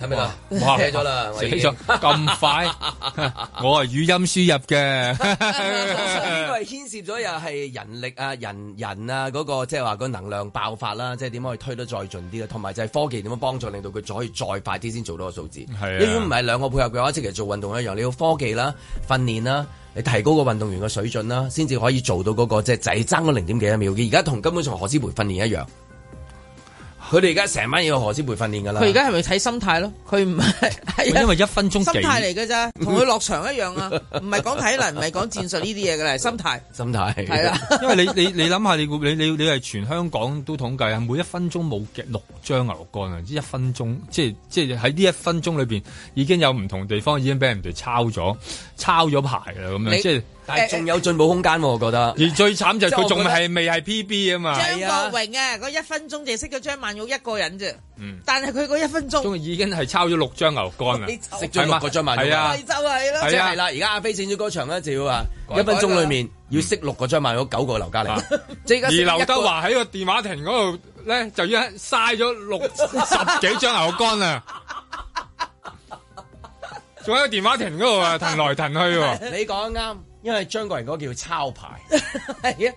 睇咩啊？咗啦，死咗咁快！ 我係語音輸入嘅。呢個係牽涉咗又係人力啊、人人啊嗰個，即係話個能量爆發啦，即係點可以推得再盡啲咧？同埋就係科技點樣幫助，令到佢再可以再快啲先做到個數字。係如果唔係兩個配合嘅話，即係其實做運動一樣，你要科技啦、訓練啦，你提高個運動員嘅水準啦，先至可以做到嗰、那個即係仔爭嗰零點幾一秒嘅。而家同根本上何詩蓓訓練一樣。佢哋而家成晚要何時培訓練噶啦？佢而家係咪睇心態咯？佢唔係，係 因為一分鐘心態嚟嘅咋，同佢落場一樣啊！唔係講體能，唔係講戰術呢啲嘢嘅啦，心態。心態係啦，對了 因為你你你諗下，你你你你係全香港都統計啊，每一分鐘冇六張牛肉乾啊，即，即一分鐘，即係即係喺呢一分鐘裏邊，已經有唔同地方已經俾人哋抄咗，抄咗牌啦，咁樣即係。仲有進步空間喎，我覺得。而最慘就係佢仲係未係 PB 啊嘛。張國榮啊，嗰一分鐘就識咗張曼玉一個人啫。嗯。但係佢嗰一分鐘已經係抄咗六張牛肝啦。識咗六個張曼玉。係啊。就係啦。係啦。而家阿飛整咗個場咧，就要話一分鐘裡面要識六個張曼玉、九個劉嘉玲。而劉德華喺個電話亭嗰度咧，就要嘥咗六十幾張牛肝啦。仲喺個電話亭嗰度啊，騰來騰去喎。你講啱。因為張國榮嗰個叫抄牌，係啊，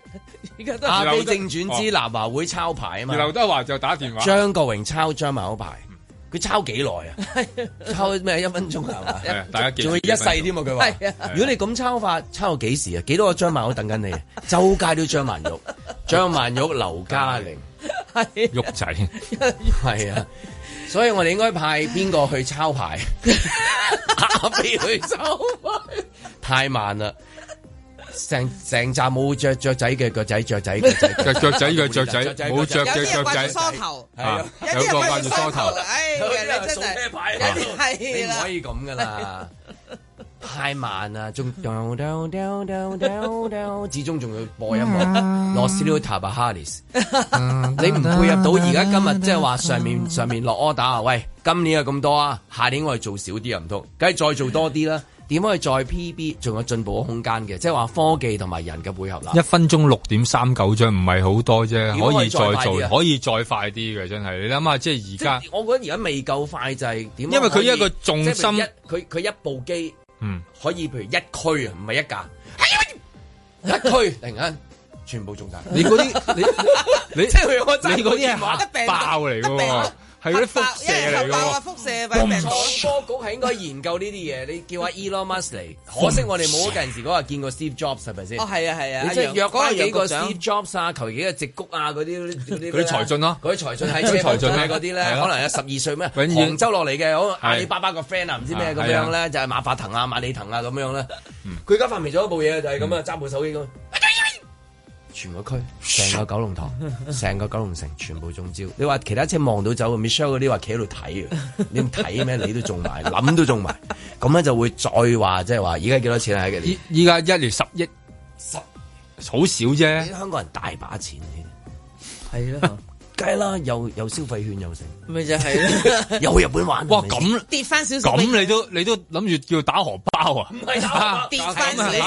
而家都阿飛正傳之南華會抄牌啊嘛，而劉德華就打電話，張國榮抄張曼歐牌，佢抄幾耐啊？抄咩一分鐘啊？係，大家仲要一世添啊！佢話，係啊，如果你咁抄法，抄到幾時啊？幾多個張曼歐等緊你啊？周街都張曼玉，張曼玉、劉嘉玲，係玉仔，係啊，所以我哋應該派邊個去抄牌？阿飛去抄牌，太慢啦。成成扎冇著著仔嘅腳仔，著仔嘅腳仔嘅腳仔，冇著嘅腳仔，有啲又快梳頭，有梳頭，係有唔可以咁噶啦，太慢啦，仲始終仲要播一部《Los l u 你唔配合到而家今日，即係話上面上面落 order 喂，今年有咁多啊，下年我哋做少啲啊，唔通，梗係再做多啲啦。點可以再 PB 仲有進步嘅空間嘅？即係話科技同埋人嘅配合啦。一分鐘六點三九張唔係好多啫，可以再做，可以再快啲嘅真係。你諗下，即係而家，我覺得而家未夠快就係點。因為佢一個重心，佢佢一部機，嗯，可以譬如一區啊，唔係一架，一區突然間全部中晒。你嗰啲你你，你嗰啲係玩得病爆嚟噶喎。係啲輻射嚟嘅，輻射，我明白。科技局係應該研究呢啲嘢。你叫阿 Elon Musk 嚟，可惜我哋冇嗰陣時嗰日見過 Steve Jobs 係咪先？哦，係啊，係啊。若果有幾個 Steve Jobs 啊、求其幾個直谷啊嗰啲，嗰啲財進咯，嗰啲財進係財進嘅嗰啲咧，可能有十二歲咩？杭州落嚟嘅嗰個阿里巴巴個 friend 啊，唔知咩咁樣咧，就係馬化騰啊、馬里騰啊咁樣咧。佢而家發明咗一部嘢就係咁啊，揸部手機咁。全個區，成個九龍塘，成個九龍城，全部中招。你話其他車望到走 ，Michelle 嗰啲話企喺度睇啊，你唔睇咩？你都中埋，諗都中埋，咁咧就會再話，即係話，而家幾多錢啊？依依家一年十億十，十好少啫。香港人大把錢添，係，咯。 梗啦，又又消費券又成，咪就係又去日本玩。哇咁跌翻少少，咁你都你都諗住叫打荷包啊？唔係跌翻你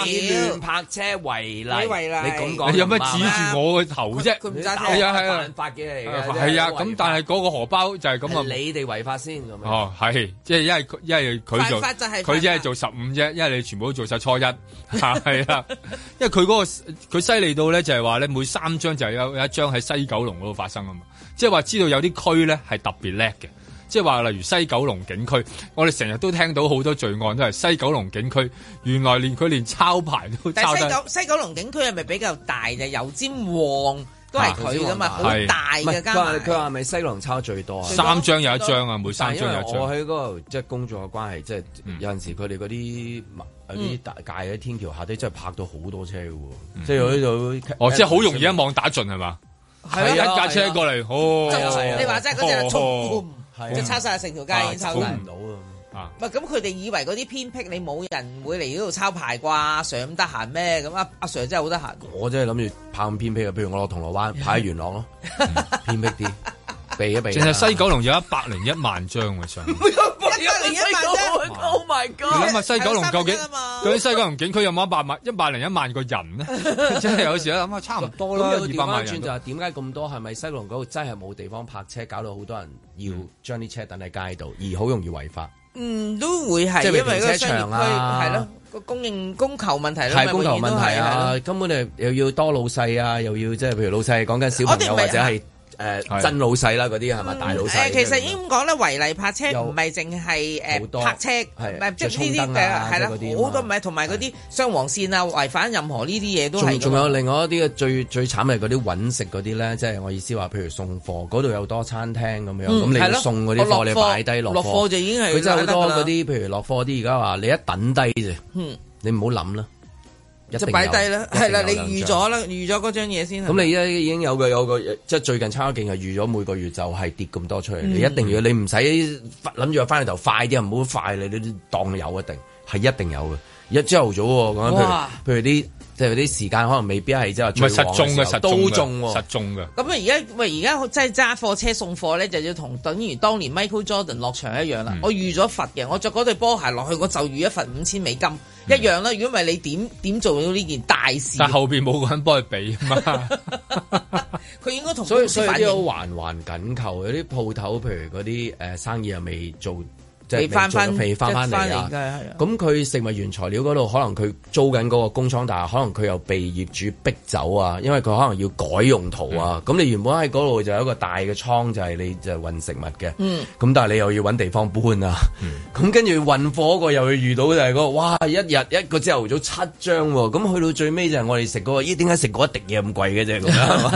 少，拍車違例，違例，你咁講，有咩指住我個頭啫？佢唔揸車，係啊係啊，違法嘅嚟係啊。咁但係嗰個荷包就係咁啊。你哋違法先咁哦，係，即係因係一係佢做，佢一係做十五啫，因為你全部都做晒初一，係啊，因為佢嗰個佢犀利到咧，就係話你每三張就有一一張喺西九龍嗰度發生啊嘛。即係話知道有啲區咧係特別叻嘅，即係話例如西九龍警區，我哋成日都聽到好多罪案都係西九龍警區。原來佢連佢連抄牌都抄得。但係西九西九龍警區係咪比較大嘅油尖旺都係佢㗎嘛？好、啊、大嘅是加埋上。佢話：佢係咪西九龍抄最多？三張有一張啊，每三張有一張。我喺嗰度即係工作嘅關係，即係、嗯、有陣時佢哋嗰啲有啲大街喺天橋下底，真係拍到好多車嘅喎。嗯嗯、即係喺度哦，即係好容易一網打盡係嘛？係一架車過嚟，好，你話真係嗰只速，就差晒成條街已經插曬。估唔到啊！唔係咁，佢哋以為嗰啲偏僻，你冇人會嚟呢度抄牌啩？上得閒咩？咁阿阿 Sir 真係好得閒。我真係諗住泊咁偏僻嘅，譬如我落銅鑼灣，泊喺元朗咯，偏僻啲。俾啊淨係西九龍有一百零一萬張嘅相，一零一萬張，Oh my God！你諗下西九龍究竟究竟西九龍景區有冇一百萬、一百零一萬個人咧？真係有時諗下差唔多啦。二百萬人就係點解咁多？係咪西九龍嗰度真係冇地方泊車，搞到好多人要將啲車等喺街度，而好容易違法。嗯，都會係，即係因為個商業區係咯，個供應供求問題供求問題啊！根本就又要多老細啊，又要即係譬如老細講緊小朋友或者係。誒真老細啦嗰啲係咪大老細？誒其實應該講咧，違例泊車唔係淨係誒泊車，即係呢啲嘅係啦，好多唔係同埋嗰啲雙黃線啊，違反任何呢啲嘢都係。仲有另外一啲最最慘係嗰啲揾食嗰啲咧，即係我意思話，譬如送貨嗰度有多餐廳咁樣，咁你送嗰啲貨你擺低落。落貨就已經係佢真係好多嗰啲，譬如落貨啲而家話你一等低啫，你唔好諗啦。就擺低啦，係啦，的張你預咗啦，預咗嗰張嘢先。咁你而家已經有個，有個，即係最近差勁，係預咗每個月就係跌咁多出嚟。嗯、你一定要，你唔使諗住翻去頭快啲啊，唔好快你，你當有一定係一定有嘅。一朝頭早，我諗佢，譬如譬如啲。哇即係啲時間可能未必係即係最廣都中，實中嘅。咁啊而家喂而家即係揸貨車送貨咧，就要同等於當年 Michael Jordan 落場一樣啦、嗯。我預咗罰嘅，我着嗰對波鞋落去，我就預一份五千美金、嗯、一樣啦。如果唔係你點點做到呢件大事？但後邊冇個人幫佢俾嘛？佢 應該同所以所以都好環環緊扣，有啲鋪頭譬如嗰啲誒生意又未做。俾翻翻，俾翻翻嚟，咁佢食物原材料嗰度，可能佢租緊嗰個工廠大廈，但係可能佢又被業主逼走啊，因為佢可能要改用途啊。咁、嗯、你原本喺嗰度就有一個大嘅倉，就係、是、你就運食物嘅。咁、嗯、但係你又要揾地方搬啊。咁跟住運貨嗰個又要遇到就係嗰、那個，哇！一日一個朝頭早七張喎、啊。咁去到最尾就係我哋食嗰，咦？點解食嗰一滴嘢咁貴嘅啫？咁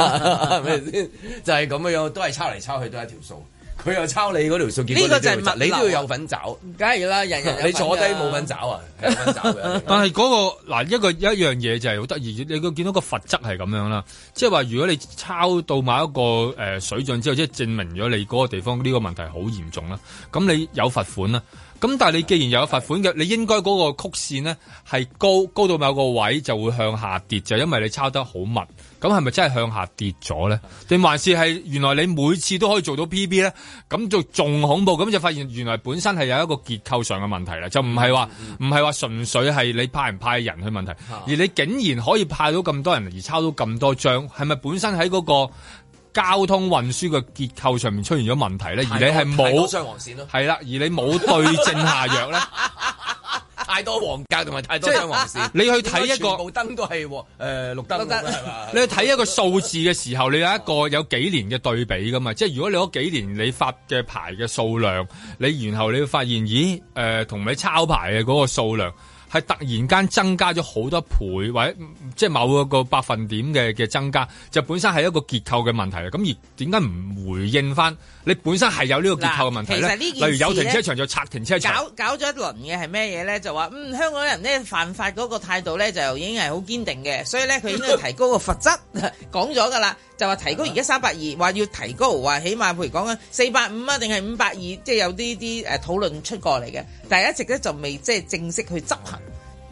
係咪先？就係咁嘅樣，都係抄嚟抄去都係一條數。佢又抄你嗰條數，呢個就係物，你都要有份找。梗係啦，人人有、啊、 你坐低冇份找啊？ 有份找嘅。人人但係嗰、那個嗱，一個一樣嘢就係好得意，你個見到個罰則係咁樣啦，即係話如果你抄到某一個誒、呃、水準之後，即、就、係、是、證明咗你嗰個地方呢、這個問題好嚴重啦，咁你有罰款啦。咁但係你既然有罰款嘅，你應該嗰個曲線呢，係高高到某個位就會向下跌就，因為你抄得好密。咁係咪真係向下跌咗呢？定還是係原來你每次都可以做到 PB 呢？咁就仲恐怖，咁就發現原來本身係有一個結構上嘅問題啦，就唔係話唔係話純粹係你派唔派人去問題，而你竟然可以派到咁多人而抄到咁多張，係咪本身喺嗰個？交通運輸嘅結構上面出現咗問題咧，而你係冇雙黃線咯，係啦，而你冇對症下藥咧，太多黃格同埋太多雙黃線，你去睇一個紅、呃、綠燈都係，誒綠燈，吧你去睇一個數字嘅時候，你有一個有幾年嘅對比噶嘛？即係如果你攞幾年你發嘅牌嘅數量，你然後你會發現，咦誒，同、呃、你抄牌嘅嗰個數量。係突然間增加咗好多倍，或者即係某一個百分點嘅嘅增加，就本身係一個結構嘅問題啦。咁而點解唔回應返？你本身係有呢個結構嘅問題咧？其實例如有停車場就拆停車場。搞搞咗一輪嘅係咩嘢咧？就話，嗯香港人呢犯法嗰個態度咧就已經係好堅定嘅，所以咧佢應該提高個罰則，講咗㗎啦，就話提高而家三百二，話要提高，話起碼譬如講緊四百五啊，定係五百二，即係有呢啲誒討論出過嚟嘅，但係一直咧就未即係正式去執行。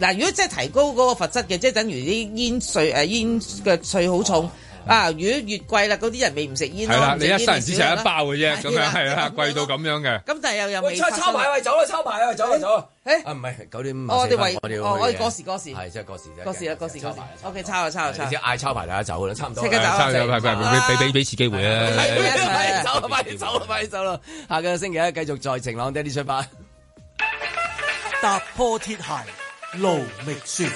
嗱，如果即係提高嗰個罰則嘅，即係等於啲煙稅誒煙嘅稅好重啊！如果越貴啦，嗰啲人未唔食煙？係啦，你一生人只食一包嘅啫，咁樣係啦，貴到咁樣嘅。咁就係又又未。會抄抄牌位走啦，抄牌位走啦，走。誒，唔係九點五啊！我哋位，我哋過時過時，係就過時過時 O K，抄下，抄下，抄！直嗌抄牌大家走啦，差唔多。即刻走唔好唔唔好，俾俾俾次機會啦。走啦，走啦，走啦，走啦。下個星期一繼續再晴朗的一天出發，踏破鐵鞋。盧覓雪，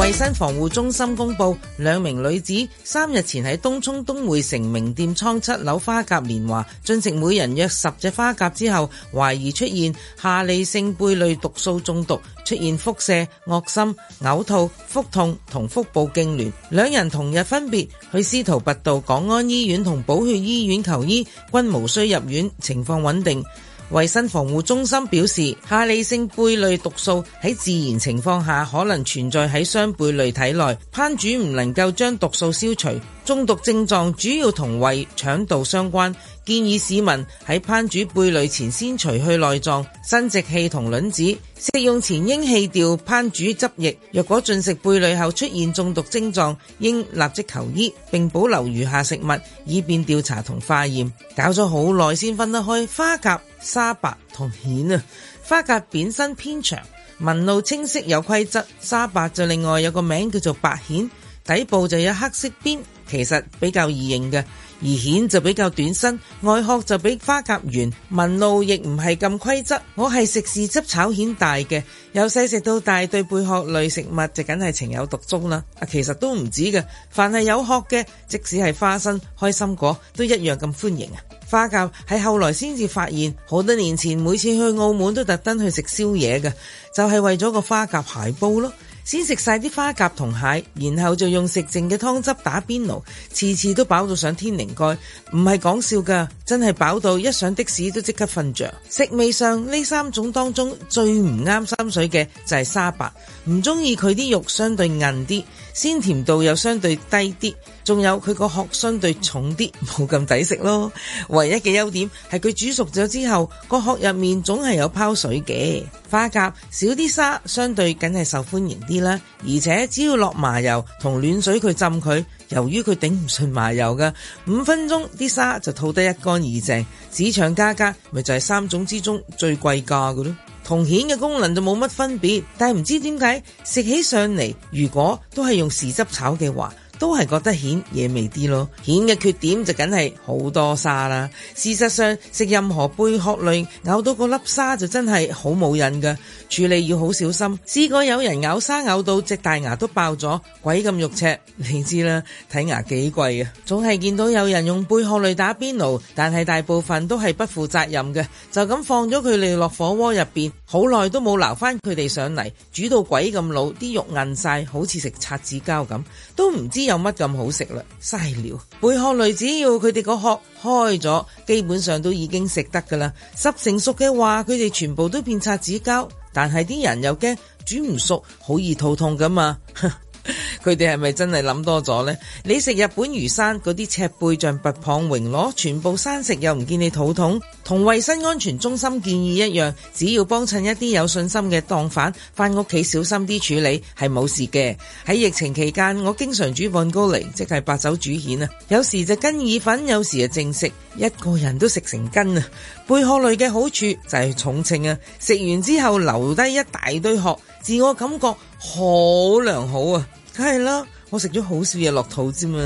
衛生防護中心公布，兩名女子三日前喺東涌東薈城名店倉七樓花甲年華進食每人約十隻花甲之後，懷疑出現下痢性貝類毒素中毒，出現腹瀉、惡心、嘔吐、腹痛同腹部痙攣。兩人同日分別去司徒拔道港安醫院同寶血醫院求醫，均無需入院，情況穩定。衛生防護中心表示，下痢性貝類毒素喺自然情況下可能存在喺雙貝類體內，烹煮唔能夠將毒素消除，中毒症狀主要同胃腸道相關。建議市民喺烹煮貝類前先除去內臟、生殖器同卵子。食用前應棄掉烹煮汁液。若果進食貝類後出現中毒症狀，應立即求醫，並保留餘下食物以便調查同化驗。搞咗好耐先分得開花甲、沙白同蜆啊！花甲扁身偏長，紋路清晰有規則。沙白就另外有個名叫做白蜆，底部就有黑色邊，其實比較易認嘅。而蜆就比較短身，外殼就比花甲圓，紋路亦唔係咁規則。我係食豉汁炒蜆大嘅，由細食到大對貝殼類食物就梗係情有獨鍾啦。啊，其實都唔止嘅，凡係有殼嘅，即使係花生、開心果都一樣咁歡迎啊。花甲係後來先至發現，好多年前每次去澳門都特登去食宵夜嘅，就係、是、為咗個花甲蟹煲咯。先食晒啲花甲同蟹，然後就用食剩嘅湯汁打邊爐，次次都飽到上天靈蓋，唔係講笑噶，真係飽到一上的士都即刻瞓着。食味上呢三種當中最唔啱心水嘅就係沙白，唔中意佢啲肉相對韌啲。鮮甜度又相對低啲，仲有佢個殼相對重啲，冇咁抵食咯。唯一嘅優點係佢煮熟咗之後，個殼入面總係有泡水嘅花甲，少啲沙，相對梗係受歡迎啲啦。而且只要落麻油同暖水去佢浸佢，由於佢頂唔順麻油噶，五分鐘啲沙就吐得一乾二淨。市場價格咪就係三種之中最貴價嘅咯。同蜆嘅功能就冇乜分別，但係唔知點解食起上嚟，如果都係用豉汁炒嘅話，都係覺得蜆嘢味啲咯。蜆嘅缺點就梗係好多沙啦，事實上食任何貝殼類，咬到個粒沙就真係好冇癮噶。處理要好小心，試過有人咬沙咬到隻大牙都爆咗，鬼咁肉赤，你知啦。睇牙幾貴啊！總係見到有人用貝殼類打邊爐，但係大部分都係不負責任嘅，就咁放咗佢哋落火鍋入邊，好耐都冇留翻佢哋上嚟，煮到鬼咁老，啲肉韌晒，好似食擦紙膠咁，都唔知有乜咁好食啦！嘥料！貝殼類只要佢哋個殼開咗，基本上都已經食得噶啦，十成熟嘅話，佢哋全部都變擦紙膠。但係啲人又驚煮唔熟，好易肚痛噶嘛。佢哋係咪真係諗多咗呢？你食日本魚生嗰啲赤貝、象拔蚌、榮螺，全部生食又唔見你肚痛，同衛生安全中心建議一樣，只要幫襯一啲有信心嘅檔販，翻屋企小心啲處理，係冇事嘅。喺疫情期間，我經常煮蛋高嚟，即係白酒煮蜆啊，有時就跟意粉，有時就淨食，一個人都食成斤啊。貝殼類嘅好處就係重稱啊，食完之後留低一大堆殼。自我感覺好良好啊，梗係啦，我食咗好少嘢落肚啫嘛。